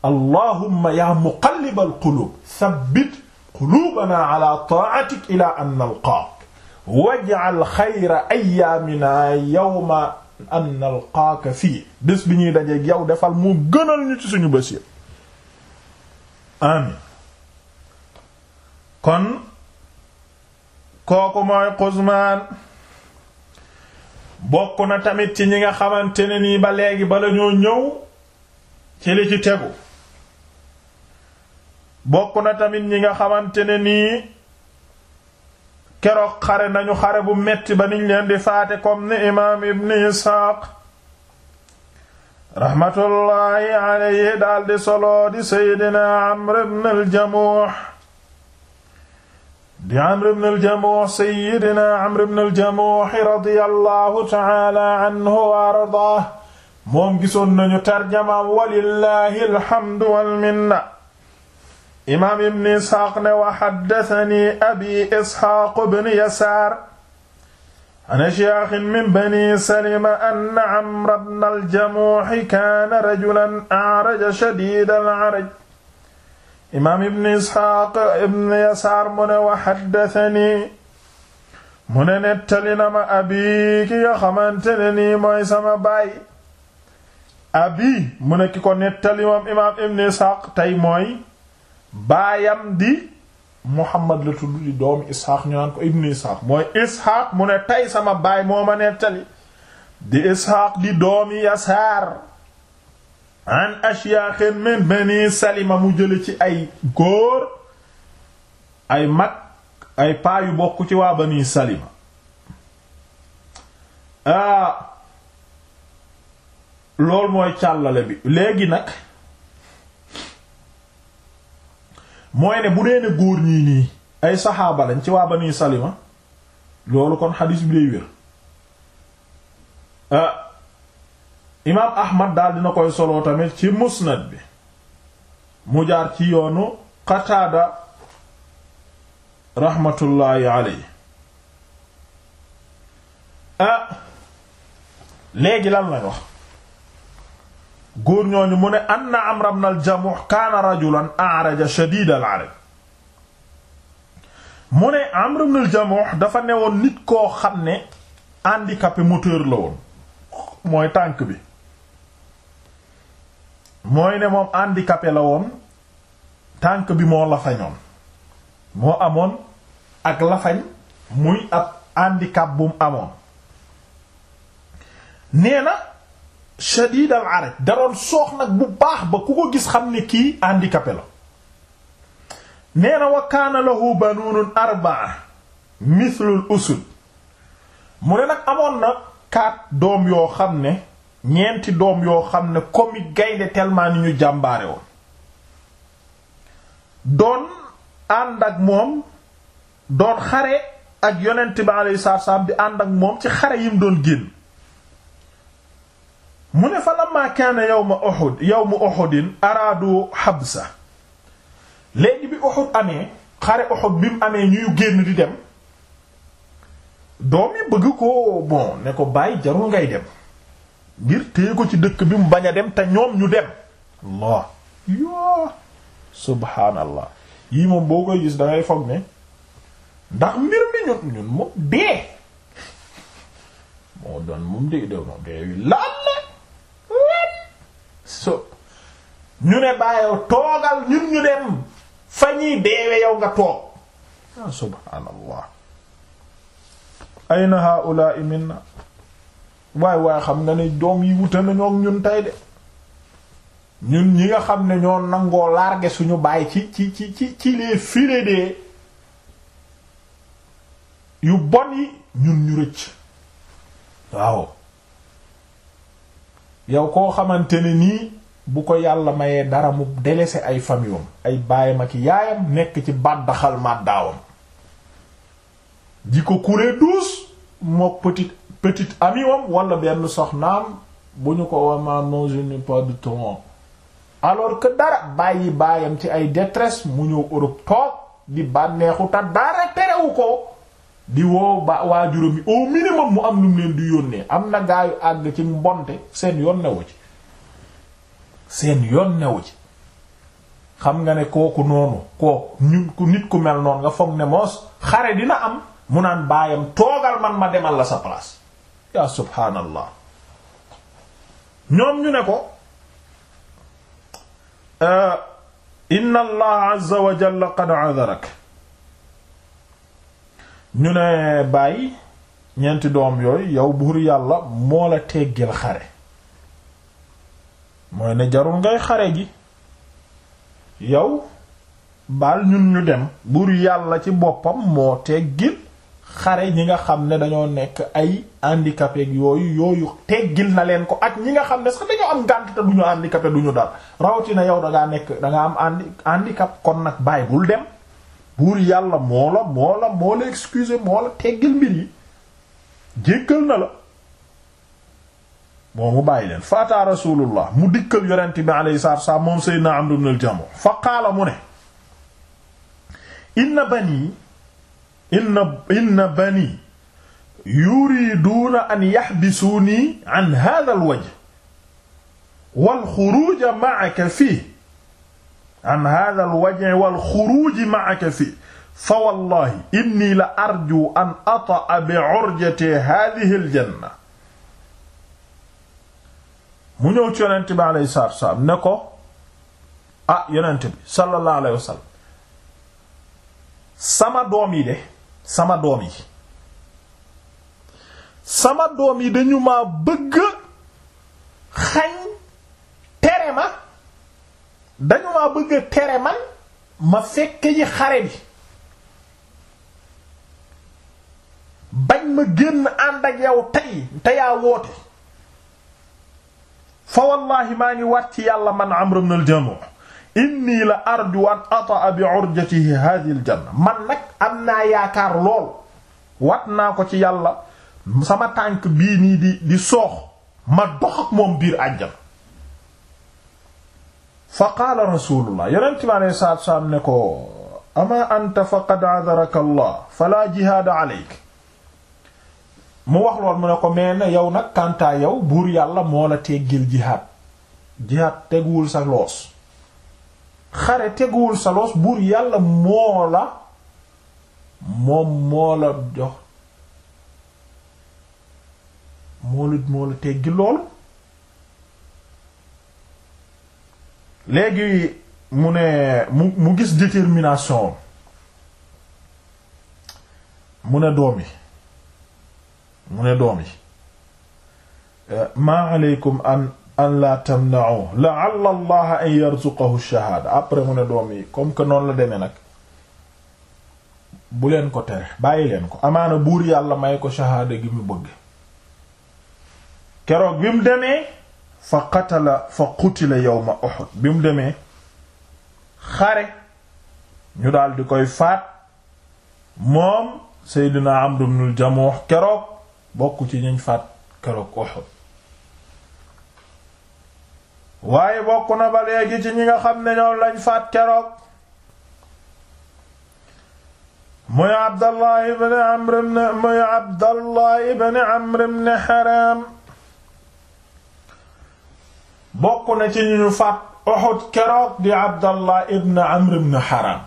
allahumma ya muqallibal qulub thabbit qulubana ala ta'atik ila an nalqaak waj'al khayra ayyamina yawma an nalqaaka fii bés bi ñuy dajeeg yow defal mu gënal ñu ci suñu bés yi amin kon kooku mooy Quzmaan bokk na tamit ci ñi nga xamante ne nii ba léegi bala ñoo ñëw ci li ci tegu bokk na tamit ñi nga xamante ne nii keroog xare nañu xare bu metti ba niñ leen di faate comme ni imaam ibn isxaaq raxmatullaahi alayhi daldi solo di seydina amr ibn aljamuux di amr ibn aljamuux seydina amr ibn aljamuux radiyallaahu taala anhu wa ardaah moom gisoon nañu tarjamaam walillaahi alhamdu walminna imaam ibn isxaaq ne wa xaddatani abi isxaaq ibn yasaar an shaykhin min bani salima anna amra ibn al-jamuuh kaana rajulan a'raja shadiid al-'araj imaam ibn isxaaq ibn yasaar mu ne wa xaddatani mu ne nettali na ma abi ki nga xamante ne nii mooy sama baay abi mu ne ki ko nettali moom imaam ibn isxaaq tey mooy baayam di Muhammad la tudd di doomu Isxaaq ñu ko ibnu Isxaaq mooy Isxaaq mu ne tey sama baay moo ma nettali di Isxaaq di doomi Yasaar an ashyaaxin min bani Salima mu jële ci ay góor ay mag ay paa yu bokk ci waa bani Salima aa ah, mooy càllale bi léegi nag mooy ne bu dee ne góor nii nii ay saxaaba lañ ci waa bani salima loolu kon xadiis bi day wér ah imaam ahmad daal dina koy soloo tamit ci musnad bi mu jaar ci yoonu qataada raxmatullaahi alayhi ah, léegi lan lañ wax góor ñooñu mu ne anna am ibn al-Jamuh kaana rajulan a'raja shadiid araj mu ne Amr ibn al-Jamuh dafa newoon nit koo xam ne handicapé moteur la woon mooy tànk bi mooy ne moom handicapé la woon tànk bi moo lafañoon moo amoon ak lafañ muy ab handicap bu amoon nee na shadid al araj daroon soox nag bu baax ba ku ko gis xam ne kii handicapé la nee na wa kaana lahu banuunun arbaa mu ne nag amoon na quatre doom yoo xam ne ñeenti doom yoo xam ne comme gaynde tellement ñu jàmbaare woon doon ànd ak moom doon xare ak yonent bi alayhi salaam ànd ak moom ci xare yim doon génn mu ne fa lamma kaana yawma Uhud yawmu Uhudin araadu habsa léegi bi Uhud amee xare Uhud bi mu amee ñuy génn di dem doom yi bëgg ko bon ne ko bàyyi jarul ngay dem ngir téye ko ci dëkk bi mu bañ a dem te ñoom ñu dem Allah yoo subhaanallah yii moom boo koy gis dangay foog ne ndax mbir mi ñun ñun moom dee moo doon moom dee doon moom dee wi laal so ñu ne bàyyow toogal ñun ñu dem fa ñuy deewe yow nga toog ah subhaanallah ayna haa'ulaa'i minna waay waay xam nga ne doom yi wute nañoo ñun tey de ñun ñi nga xam ne ñoo nangoo largué suñu baay ci ci ci ci ci les de yu bon yi ñun ñu rëcc waaw yow koo xamante ne nii bu ko yàlla mayee dara mu délaissé ay famiyom ay baayam ak yaayam nekk ci bàddaxal màddaawam di ko kuree douce mook petite petite amie wam wala benn soxnaam bu ñu ko wama non je n'ai pas de temps alors que dara bàyyi baayam ci ay détresse mu ñëw Europe toog di bànneexu ta dara terewu ko di woo ba waajuram yi au minimum mu am lu mu leen di yónnee am na gaayu àgg ci mbonte seen yoon newu ci seen yoon newu ci xam nga ne kooku noonu kooku nit ku mel noonu nga foog ne moos xare dina am mu naan baayam toogal man ma demal la sa place yaa subhaanallah ñoom ñu ne ko euh, inna allah azza wa jalla qad azarak ñu ne bàyyi ñeenti doom yooyu yow buur yàlla moo la teggil xare mooy ne jarul ngay xare ji yow baal ñun ñu dem buur yàlla ci boppam moo teggil xare ñi nga xam ne dañoo nekk ay handicapé yooyu yooyu teggil na leen ko ak ñi nga xam ne sax dañoo am gànt te du ñu handicapé du ñu dal rawatina yow da nekk danga nga am handi handicap kon nag bàyyi bul dem buur yàlla moo la moo la moo la excusé moo la teggil mbir yi jéggal na la boo mu bàyyi leen faataa rasulullah mu dikkal yonente bi alayhi salaatu wassalaam moom sayyidina Amr ibn al-Jamuh fa qaala mu ne inna bani inna inna bani yuriduuna an yaxbisuunii an haadha al-wajh wal xuruuj ma'aka fiihi an hadha alwaje walxuruji maaka fi fa wallahi inni la arju an ataa bi urjati hadhihi aljanna mu ñëw ci yonent bi alayhi salaatu wasalaam ne ko ah yonent bi sallallahu alayhi wasallam sama doom yi de sama doom yi sama doom yi dañu ma bëgg dañu maa bëgg a tere man ma fekke ji xare bi bañ ma génn ànd ak yow tey te yaa woote fa wallahi maa ngi waat ci yàlla man Amr ibn al-Jamuh inni la arju an ata'a bi urjatihi hadhihi al-janna man nag am naa yaakaar lool wat naa ko ci yàlla sama tànk bii nii di di soox ma dox ak moom biir àjjana fa qaala rasulullah yonent bi alayhi salaatu salaam ne ko ama anta adaraka allah fala jihaada aleyk mu wax lool mu ne ko mais yow nag kantaa yow buur yàlla moo la teggil jihaad jihaad teguwul sa loos xare teguwul sa loos buur yàlla moo la moom moo la moo la teggil loolu léegi mu ne mu mu gis détermination mu ne doom yi mu ne doom yi euh, maa aleykum an an la tamna'u la'alla allah an yarzuqahu shahaada après mu ne doom yi comme que noonu la demee nag bu leen ko tere bàyyi leen ko amaana buur yàlla may ko shahaada gi mu bëgg keroog bi mu demee fa qatala fa qutila yawma Uhud bi mu demee xare ñu daal di koy faat moom Seydina Amr ibn al keroog bokk ci ñuñ faat keroog Uhud waaye bokk na ba léegi ci ñi nga xam ne ñoom lañ faat keroog muy Abdallah ibn Amr muy Abdallah bokk na ci ñu ñu faat Uhud keroog di Abdallah ibn Amr ibn Haram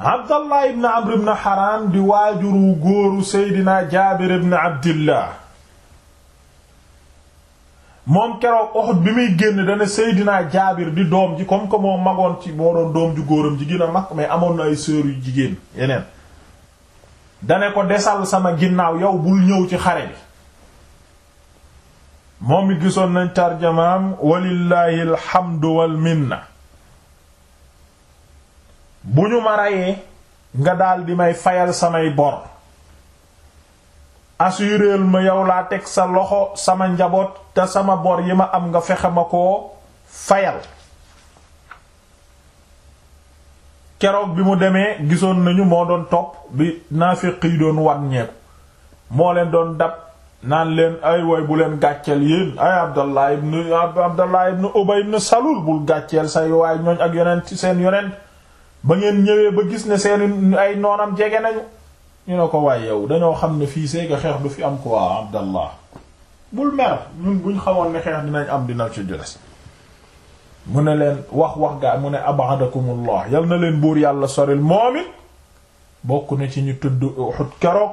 Abdallah ibn Amr ibn Haram di waajuru góoru Seydina Jaabir ibn Abdillah moom keroog Uhud bi muy génn dana Seydina Jaabir di doom ji comme que magoon ci moo doon doom ju góoram ji gën a mag amoon na ay sœurs yu jigéen yeneen dane ko desal sama ginnaaw yow bul ñëw ci xare bi moom mi gisoon nañ tarjamaam walillahi alhamdu wal minna bu ñu ma rayee nga daldi may fayal samay bor assuréel ma yow laa teg sa loxo sama njaboot te sama bor yi ma am nga fexe ma koo fayal keroog bi mu demee gisoon nañu moo doon topp bi naafiq yi doon wàññeeku moo leen doon dab naan leen ay way bu leen gàcceel yéen ay Abdallah ibn Abdallah ibn Ubay ibn Salul bul gàcceel say waay ñooñ ak yonent seen yonent ba ngeen ñëwee ba gis ne seen ay noonam jege nañu ñu ne ko waaye yow dañoo xam ne fii seega xeex du fi am ko waa Abdallah bul mer ñun buñ xamoon ne xeex dinañ am dina ci jëles mu ne leen wax wax gaa mu ne abadakumullah yal na leen buur yàlla soril moom it bokk na ci ñu tudd Uhud keroog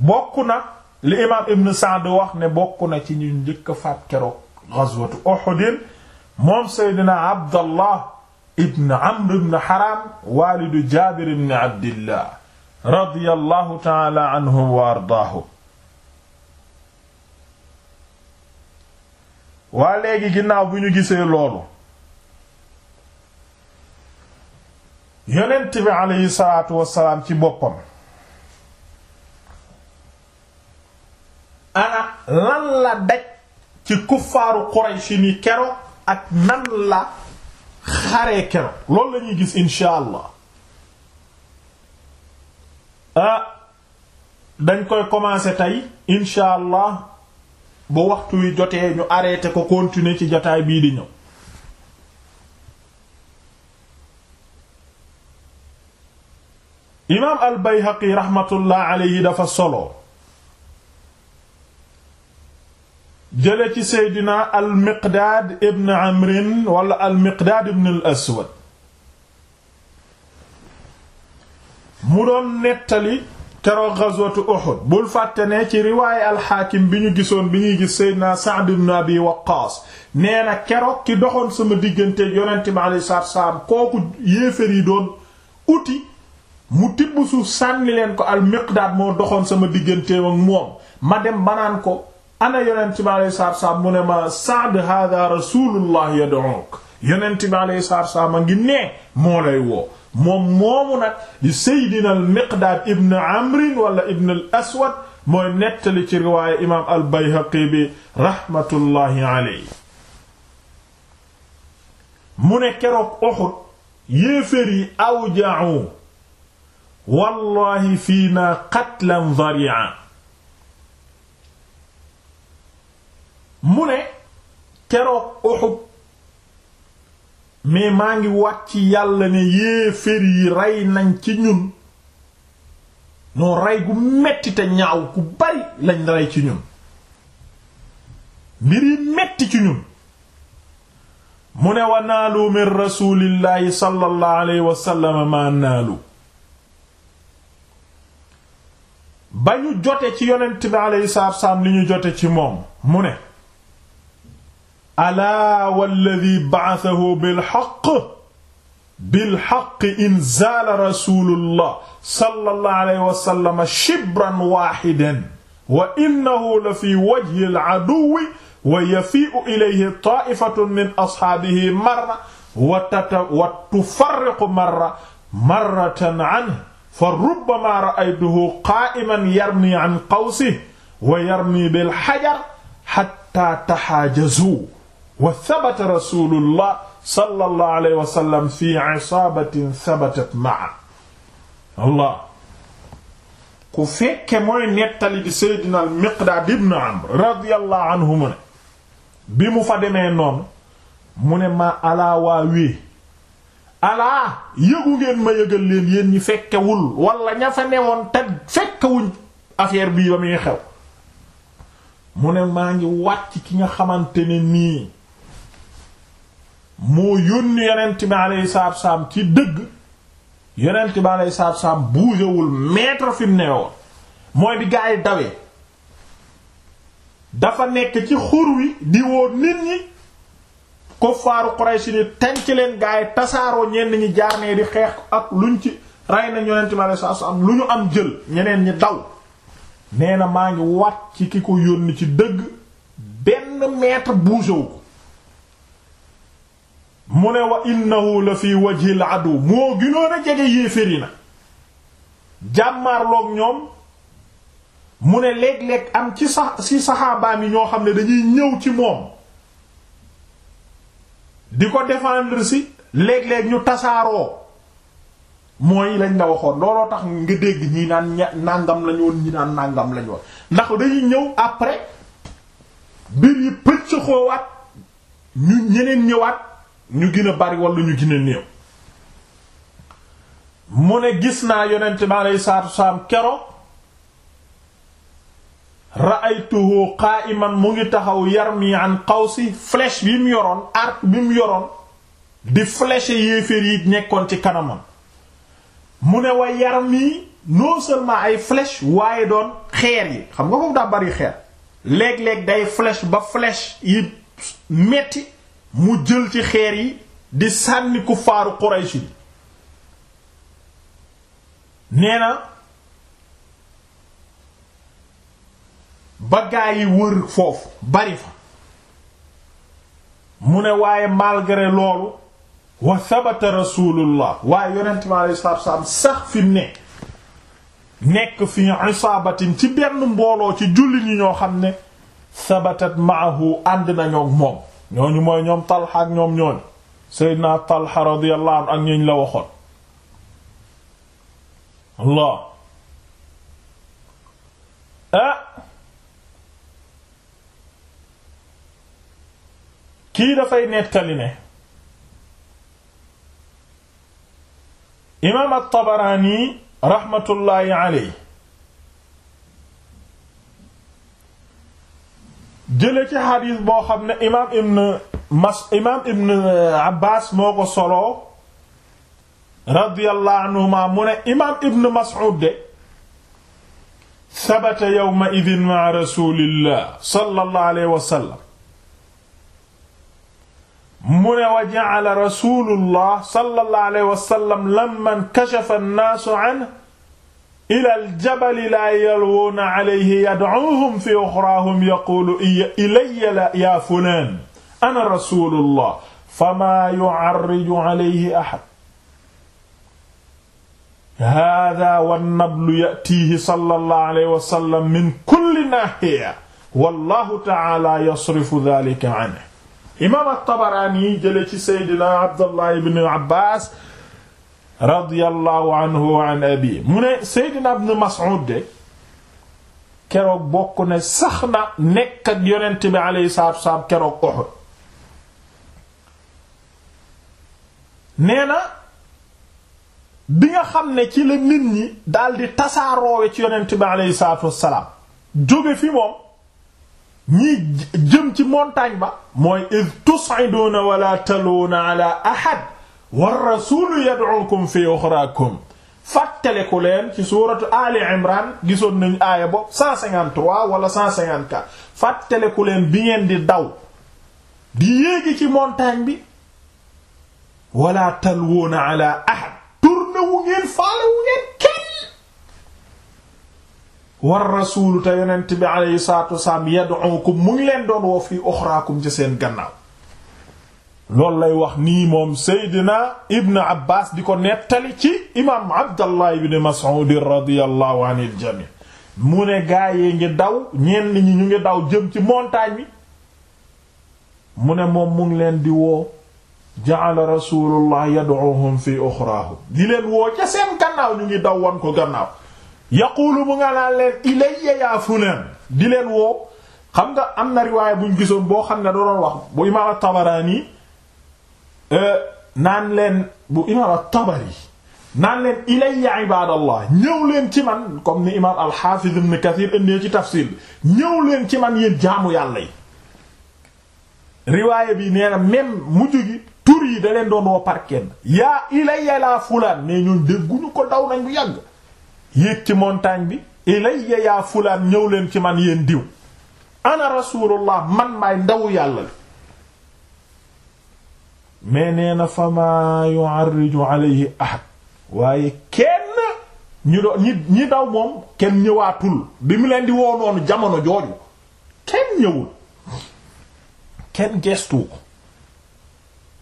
bokk na li imaam ibn Sa'd wax ne bokk na ci ñu njëkk a faat keroog ghazwatu Uhud moom Seydina Abdallah ibn Amr ibn Haram walidu Jaabir ibn Abdillah radiyallahu ta'ala anhu wa ardaahu waa léegi ginnaaw bu ñu gisee loolu yonent bi alayhi salaatu ci boppam lan la daj ci kuffaaru Quraysh ni kero ak nan la xaree kero loolu la ñuy gis insha allah ah dañ koy commencer tey insha allah boo waxtu wi jotee ñu arrêté ko continuer ci jataay bii di ñëw imaam al Bayhaqi rahmatullah alayhi dafa solo jële ci seydina al miqdaad ibn amrin wala al miqdaad ibn aswad mu doon nettali keroog gazwatu Uhud bul fàtte ci riwaaya alxaakim bi ñu gisoon bi ñuy gis seydina Sa'd ibn Abi Waqqaas nee na keroog ki doxoon sama diggante yonente bi alayhi salaatu kooku yéefér yi doon uti mu tibb suuf sànni leen ko al miqdaad moo doxoon sama diggante ak moom ma dem banaan ko ana yonent bi alayhi salaatu salaam mu ne ma Sa'd hada rasulullah yad'uk yonent bi alayhi salaatu salaam a ngi nee moo lay woo moom moomu nag di Seydina al-Miqdaad ibn Amr wala ibn al-Aswad mooy nettali ci riwaaya imaam al-Bayhaqi bi rahmatullahi alayhi mu ne keroog Uhud yéefér yi awja'u wallahi fiina qatlan dhari'a mu ne keroog Uhud mais maa ngi wàcc ci yàlla ne yéeféer yi ray nañ ci ñun noo rey gu metti te ñaaw ku bari lañ ray ci ñun mbir yi metti ci ñun mu ne wa naalu min rasulillahi sallallahu alayhi wa sallam maa naalu ba ñu jote ci yonent bi alayhi salaatu li ñu jote ci moom mu ne alaa walladi ba'athahu bil haqq bil haqq inzaala rasulullah sallallahu alayhi wa sallam shibran waahidan wa innahu la fi wajhi al aduwwi wa yafi'u ilayhi taa'ifatun min ashaabihi marra wa tufarriqu marra marratan anhu fa rubbama ra'aytuhu qaa'iman yarmii an qawsihi wa yarmii bil hajar hattaa tahaajazuu wa sabata rasulullah sallallahu alayhi wa sallam fi isaabatin sabatat maa allah ku fekke mooy nettali di seydina al miqdaad ibn amr radiyallahu anhu mu ne bi mu fa demee noonu mu maa alaa waa wee alaa yëgu ngeen ma yëgal leen yéen ñi fekkewul wala ña fa newoon te fekkewuñ affaire bi ba muy xew mu ne maa ngi wàcc ki nga xamante ne nii moo yónni yonent bi alayhi salaatu ci dëgg yeneen bi alayhi salaatu salaam buujewul mètre fi mu ne woon mooy bi gaa yi dawee dafa nekk ci xur wi di woo nit ñi kuffaaru Quraysh ni tenc leen gaa yi tasaaroo ñenn ñi jaar nee di xeex ak luñ ci rey na yonent bi alayhi salaatu salaam lu ñu am jël ñeneen ñi daw nee na maa ngi wat ci ki ko yónni ci dëgg benn mètre buujewu ko mu ne wa innahu la fi wajhil adu moo gënoon a jege yéeféri na jàmmaarloog ñoom mu ne léeg-léeg am ci sax ci saxaabaam yi ñoo xam ne dañuy ñëw ci moom di ko défendre si léeg-léeg ñu tasaaroo mooy lañ la waxoon looloo tax nga dégg ñi naan nàngam lañ woon ñi naan nàngam lañ woon ndax dañuy ñëw après mbir yi pëcc xoowaat ñu ñeneen ñëwaat ñu gën a bari wala ñu gën néew mu ne gis naa yonent bi aleyhi salaatu wasalaam aytu ra'aytuhu qa'iman mu ngi taxaw yarmi an si flèche bi mu yoroon arc bi mu yoroon di flèche yéeféer yi nekkoon ci kanamam mu ne wa yarmi non seulement ay flèche waaye doon xeer yi xam nga foofu daa bari xeer léeg-léeg day flèche ba flèche yi metti mu jël ci xeer yi di sànni kuffaaru Quraysh bi nee na ba gaa wër foofu bari fa mu ne waaye malgré loolu wa sabata rasulullah waaye yonent bi alei satu sax fi ne nekk fi isaabatin ci benn mbooloo ci julli ñi ñoo xam ne sabatat maahu ànd nañoo moom ñooñu mooy ñoom Talha ak ñoom ñooñu Seydina Talha radiyallahu anhu ak ñeeñ la waxoon Allah ah kii dafay nettali ne imaam at-Tabaraani raxmatullaahi alayhi jële ci xadiis boo xam ne imaam ibn mas imaam ibn abbas moo ko soloo radiyallahu anhuma mu ne imaam ibn mas'ud de sabata yawma idin ma rasulillah sallallahu alayhi wa sallam mu ne wa ja'ala rasulullah sallallahu alayhi wa sallam lamma kashafa an-naas anhu ilal jabali laa yalwoona alayhi yad'uuhum fi uxraahum yaquulu ilayya yaa fulaan ana rasuulullah famaa yu'arriju alayhi ahad haadaa wannablu ya'tiihi sallallahu alayhi wa sallam min kulli naahiya wallaahu ta'aalaa yasrifu dhaalika anhu imaam at-Tabaraani jële ci Seydina Abdallah ibn Abbaas radiyallahu anhu wa an mu ne Seydina Ibn Mas'ud de keroog bokk ne sax nekk ak yonent bi alayhi salaatu keroog Uhud nee na bi nga xam ne ci la nit ñi daldi tasaaroowe ci yonent bi alayhi salaatu wasalaam jóge fi moom ñi jëm ci montagne ba mooy iz tus'iduuna wala taluuna ala ahad war rasulu yad'ukum fi uxraakum fàttaleku leen ci suuratu Ali Imran gisoon nañu aaya bopp 153 wala 154 fàttaleku leen bi ngeen di daw di yéegi ci montagne bi wala talwoona ala ahad tourné ngeen faale wu ngeen kenn war rasuulu te yonent bi alayhi salaatu wasalaam yad'ukum mu ngi leen doon woo fii uxraakum ci seen gannaaw loolu lay wax nii moom Seydina Ibn Abbas di ko nettali ci imaam Abdallah ibn Mas'ud radiyallahu anil jami mu ne gaa yi ngi daw ñenn ñi ñu ngi daw jëm ci montagne bi mu ne moom mu ngi leen di woo ja'ala rasulullah yad'uhum fi uxraahu di leen woo ca seen gannaaw ñu ngi daw wan ko gannaaw yaquulu mu nga naan leen ilayya yaa fulaan di leen woo xam nga am na riwaaya buñ gisoon boo xam ne da doon wax bu imaam at Euh, naan leen bu imaam at-Tabari naan leen ilayya ibadallah ñëw leen ci man comme ni imaam al-Hafiz ibn Kathir indee ci tafsir bi ñëw leen ci man yéen jaamu yàlla yi riwaaya bi nee na même mujj gi tur yi da leen doon woo par kenn yaa ilayya laa fulaan mais ñun dégguñu ko daw nañ bu yàgg yéeg ci montagne bi ilayya yaa fulaan ñëw leen ci man yéen diw ana rasulullah man maay ndawu yàlla li mais nee na fama yu'arriju alayhi ahad waaye kenn ñi ñi daw moom kenn ñëwaatul bi mu leen di woo noonu jamono jooju kenn ñëwul kenn geestu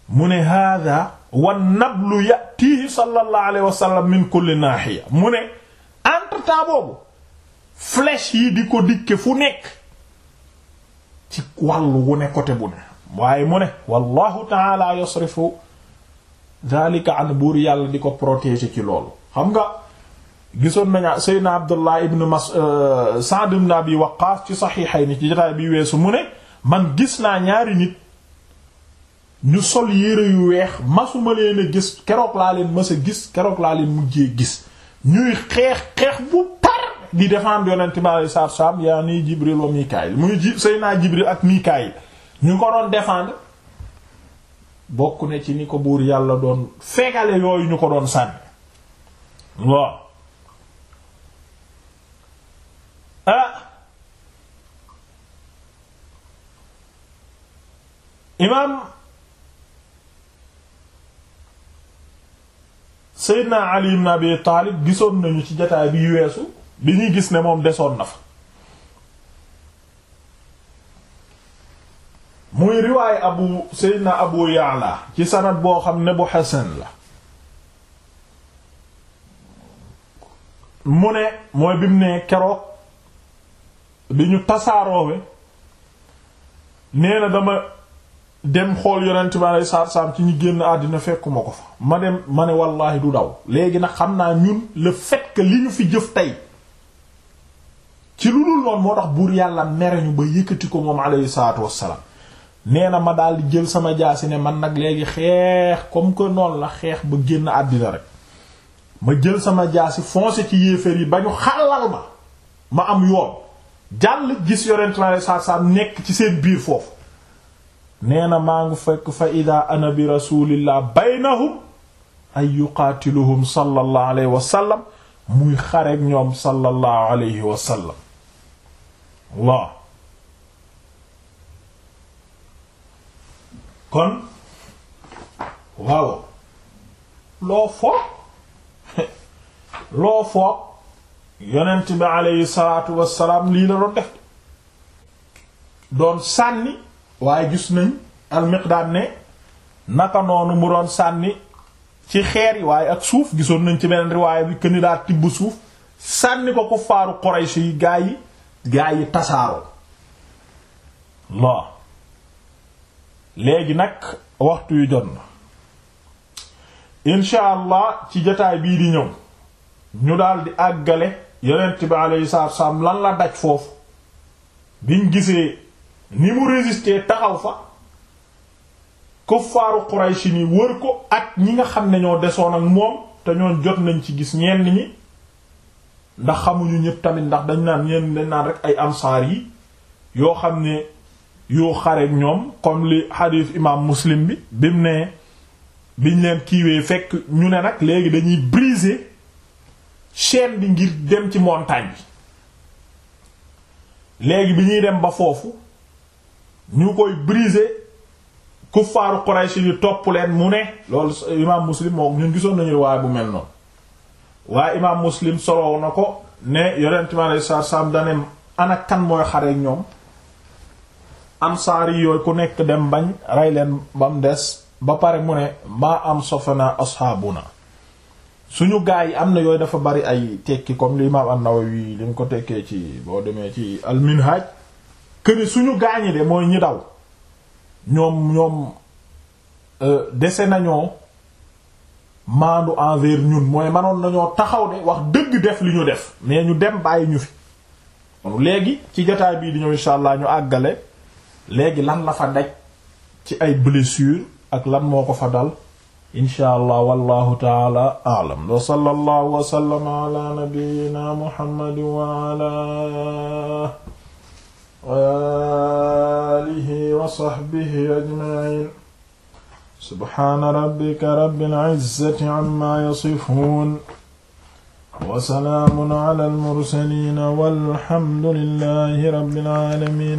mu ne hada wa nablu yatihi sallallahu alayhi wa min kulli naaxiya mu ne entre temps boobu flèche yi di ko dikke fu nekk ci wàllu wu ne côté bu ne waaye mu ne wallahu taala yasrifu dhalika an buur yàlla di ko protéger ci loolu xam nga gisoon nañu seydna abdullah ibn mas euh, sa'd ibn abi waqqas ci saxiixayni ci jotaay bi weesu ma ne man gis naa ñaari nit ñu sol yére yu weex masuma leen gis keroog laa leen mas a gis keroog laa leen mujjee gis ñuy xeex xeex bu tar di défendre yonente bi alayhi salaatu wa salaam yaa ni jibril wa mikaayil muy ji jibril ak mikaayil ñu ngi ko doon défendre bokk ne ci ni ko buur yàlla doon fegale yooyu ñu ko doon sànni waaw ah imaam Seydina Ali ibn Abi Taalib gisoon nañu ci jataay bi yu weesu bi ñuy gis ne moom desoon na fa muy riwaay abu seydna abu ya'la ci sanad boo xam ne bu hasan la mu ne mooy bim ne keroog bi ñu tasaaroowe nee na dama dem xool yonent bi alei saatu ci ñu génn àddina fekkuma ko fa ma dem ma ne wallaahi du daw léegi nag xam naa ñun le fait que li ñu fi jëf tey ci lu dul noonu moo tax buur yàlla mere ñu ba yëkkati ko moom aleyhi salaatu wassalaam nee na ma daal di jël sama jaasi ne man nag léegi xeex comme que noonu la xeex ba génn àddina rek ma jël sama jaasi foncé ci yéeféer yi ba ñu xàllal ma ma am yoon jàll gis yonent lale saab-saab nekk ci seen biir foofu nee na maa ngi fekk fa ida ana bi rasulillah baynahum ay yuqaatiluhum sallallahu alayhi wa sallam muy xareek ñoom sallallahu alayhi wa sallam kon waaw loo foog loo foog yonent bi aleyhi salaatu wassalaam lii la doon def doon sànni waaye gis nañ almiqdaad ne naka noonu mu doon sànni ci xeer yi waaye ak suuf gisoon nañ ci beneen riwaaya bi këni daa tibb suuf sànni ko ko faaru Quraysh yi gaa yi gaa yi tasaaroo loo léegi nag waxtu yu jot na incha ci jotaay bii di ñëw ñu daldi àggale yonent bi alayhi salaatu wassalaam lan la daj foofu biñ gisee ni mu résister taxaw fa kuffaaru Qurayshi wër ko ak ñi nga xam ne ñoo desoon ak moom te ñoon jot nañ ci gis ñenn ñi ndax xamuñu ñëpp tamit ndax dañu naan ñeen dañ naan rek ay ansaar yi yoo xam ne yu xareek ñoom comme li hadith imam muslim bi bi mu ne biñ leen kiiwee fekk ñu ne nag léegi dañuy briser chaîne bi ngir dem ci montagne bi léegi bi ñuy dem ba foofu ñu koy briser kuffaaru Quraysh yi topp leen mu ne loolu imam muslim moo ñu gisoon nañu waaye bu mel noonu waaye imam muslim solow na ko ne yonent mi alei saatu salaam dane ana kan mooy xareek ñoom am yi yooyu ku nekk dem bañ rey leen ba mu des ba pare mu ne maa am sofana asxaabuna suñu gaa yi am na yooyu dafa bari ay tekki comme li imaam an-Nawawi li mu ko tekkee ci boo demee ci al-Minhaj këni suñu gaa ñi de mooy ñi daw ñoom ñoom euh, dese nañoo maandu envers ñun mooy manoon nañoo taxaw de wax dëgg def li ñu def mais ñu dem bàyyi ñu fi léegi ci jotaay bii di ñëw insha allah ñu àggale léegi lan la fa ci ay blessure ak lan moo fadal fa dal allah wallahu taala a'lam wa sallallahu wa sallama ala nabiyyina muhammadin wa ala alihi amma yasifun wa salaamun ala al mursalin walhamdulillahi alamin